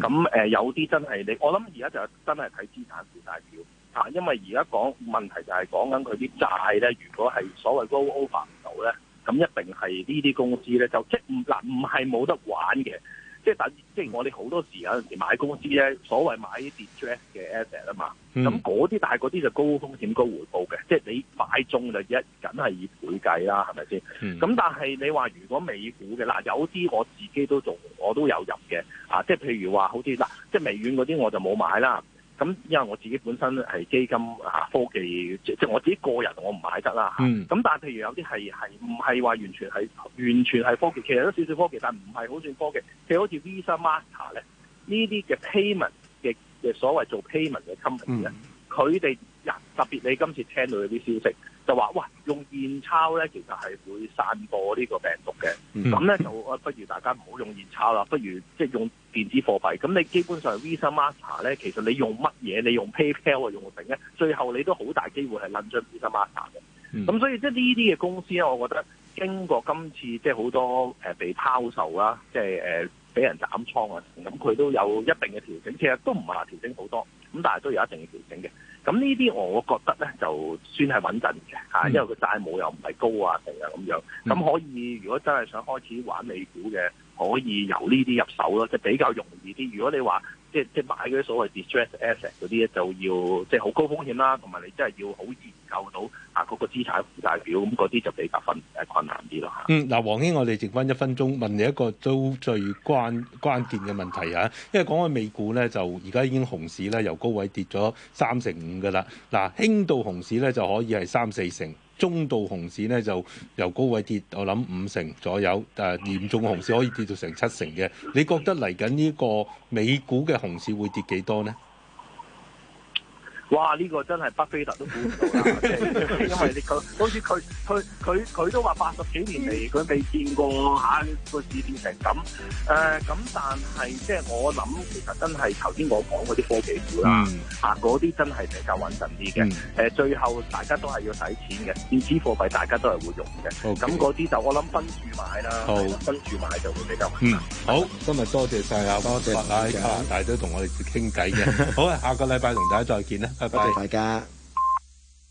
咁誒、嗯、有啲真係你，我諗而家就真係睇資產負債表啊，因為而家講問題就係講緊佢啲債咧，如果係所謂 roll over 唔到咧，咁一定係呢啲公司咧就即係唔嗱唔係冇得玩嘅。即係等，即係我哋好多時有陣時買公司咧，所謂買啲 dress 嘅 asset 啊嘛，咁嗰啲但係嗰啲就高風險高回報嘅，即係你買中就一，梗係以倍計啦，係咪先？咁、嗯、但係你話如果美股嘅嗱，有啲我自己都做，我都有入嘅啊，即係譬如話好似嗱，即係微軟嗰啲我就冇買啦。咁因為我自己本身係基金啊科技，即即我自己個人我唔買得啦嚇。咁、嗯、但係譬如有啲係係唔係話完全係完全係科技，其實都少少科技，但唔係好算科技。譬如好似 Visa、Master 咧，呢啲嘅 payment 嘅嘅所謂做 payment 嘅 company 啊、嗯，佢哋特別你今次聽到嗰啲消息。就話哇，用現鈔咧，其實係會散播呢個病毒嘅。咁咧 就不如大家唔好用現鈔啦，不如即係、就是、用電子貨幣。咁你基本上 Visa Master 咧，其實你用乜嘢？你用 PayPal 啊，用剩咧，最後你都好大機會係撚張 Visa Master 嘅。咁 所以即係呢啲嘅公司咧，我覺得經過今次即係好多誒、呃、被拋售啦、啊，即係誒。呃俾人斬倉啊！咁佢都有一定嘅調整，其實都唔係話調整好多，咁但係都有一定嘅調整嘅。咁呢啲我覺得咧，就算係穩陣嘅嚇，啊嗯、因為個債務又唔係高啊，同啊咁樣。咁可以，如果真係想開始玩美股嘅，可以由呢啲入手咯，即係比較容易啲。如果你話，即係即係買嗰啲所謂 distressed asset 嗰啲咧，就要即係好高風險啦，同埋你真係要好研究到啊嗰個資產負債表，咁嗰啲就比較困誒困難啲咯嚇。嗯，嗱，黃兄，我哋剩翻一分鐘，問你一個都最關關鍵嘅問題嚇、啊，因為講緊美股咧，就而家已經熊市咧，由高位跌咗三成五㗎喇，嗱，輕度熊市咧就可以係三四成。中度熊市咧就由高位跌，我諗五成左右；誒、呃、嚴重熊市可以跌到成七成嘅。你覺得嚟緊呢個美股嘅熊市會跌幾多咧？哇！呢個真係巴菲特都估唔到啦，因為你佢好似佢佢佢佢都話八十幾年嚟佢未見過嚇個市變成咁誒咁，但係即係我諗其實真係頭先我講嗰啲科技股啦，嚇嗰啲真係比較穩陣啲嘅誒，最後大家都係要使錢嘅電子貨幣，大家都係會用嘅，咁嗰啲就我諗分住買啦，分住買就會比較好。好，今日多謝晒大家啊，大家都同我哋傾偈嘅，好啊，下個禮拜同大家再見啦。拜拜，大家。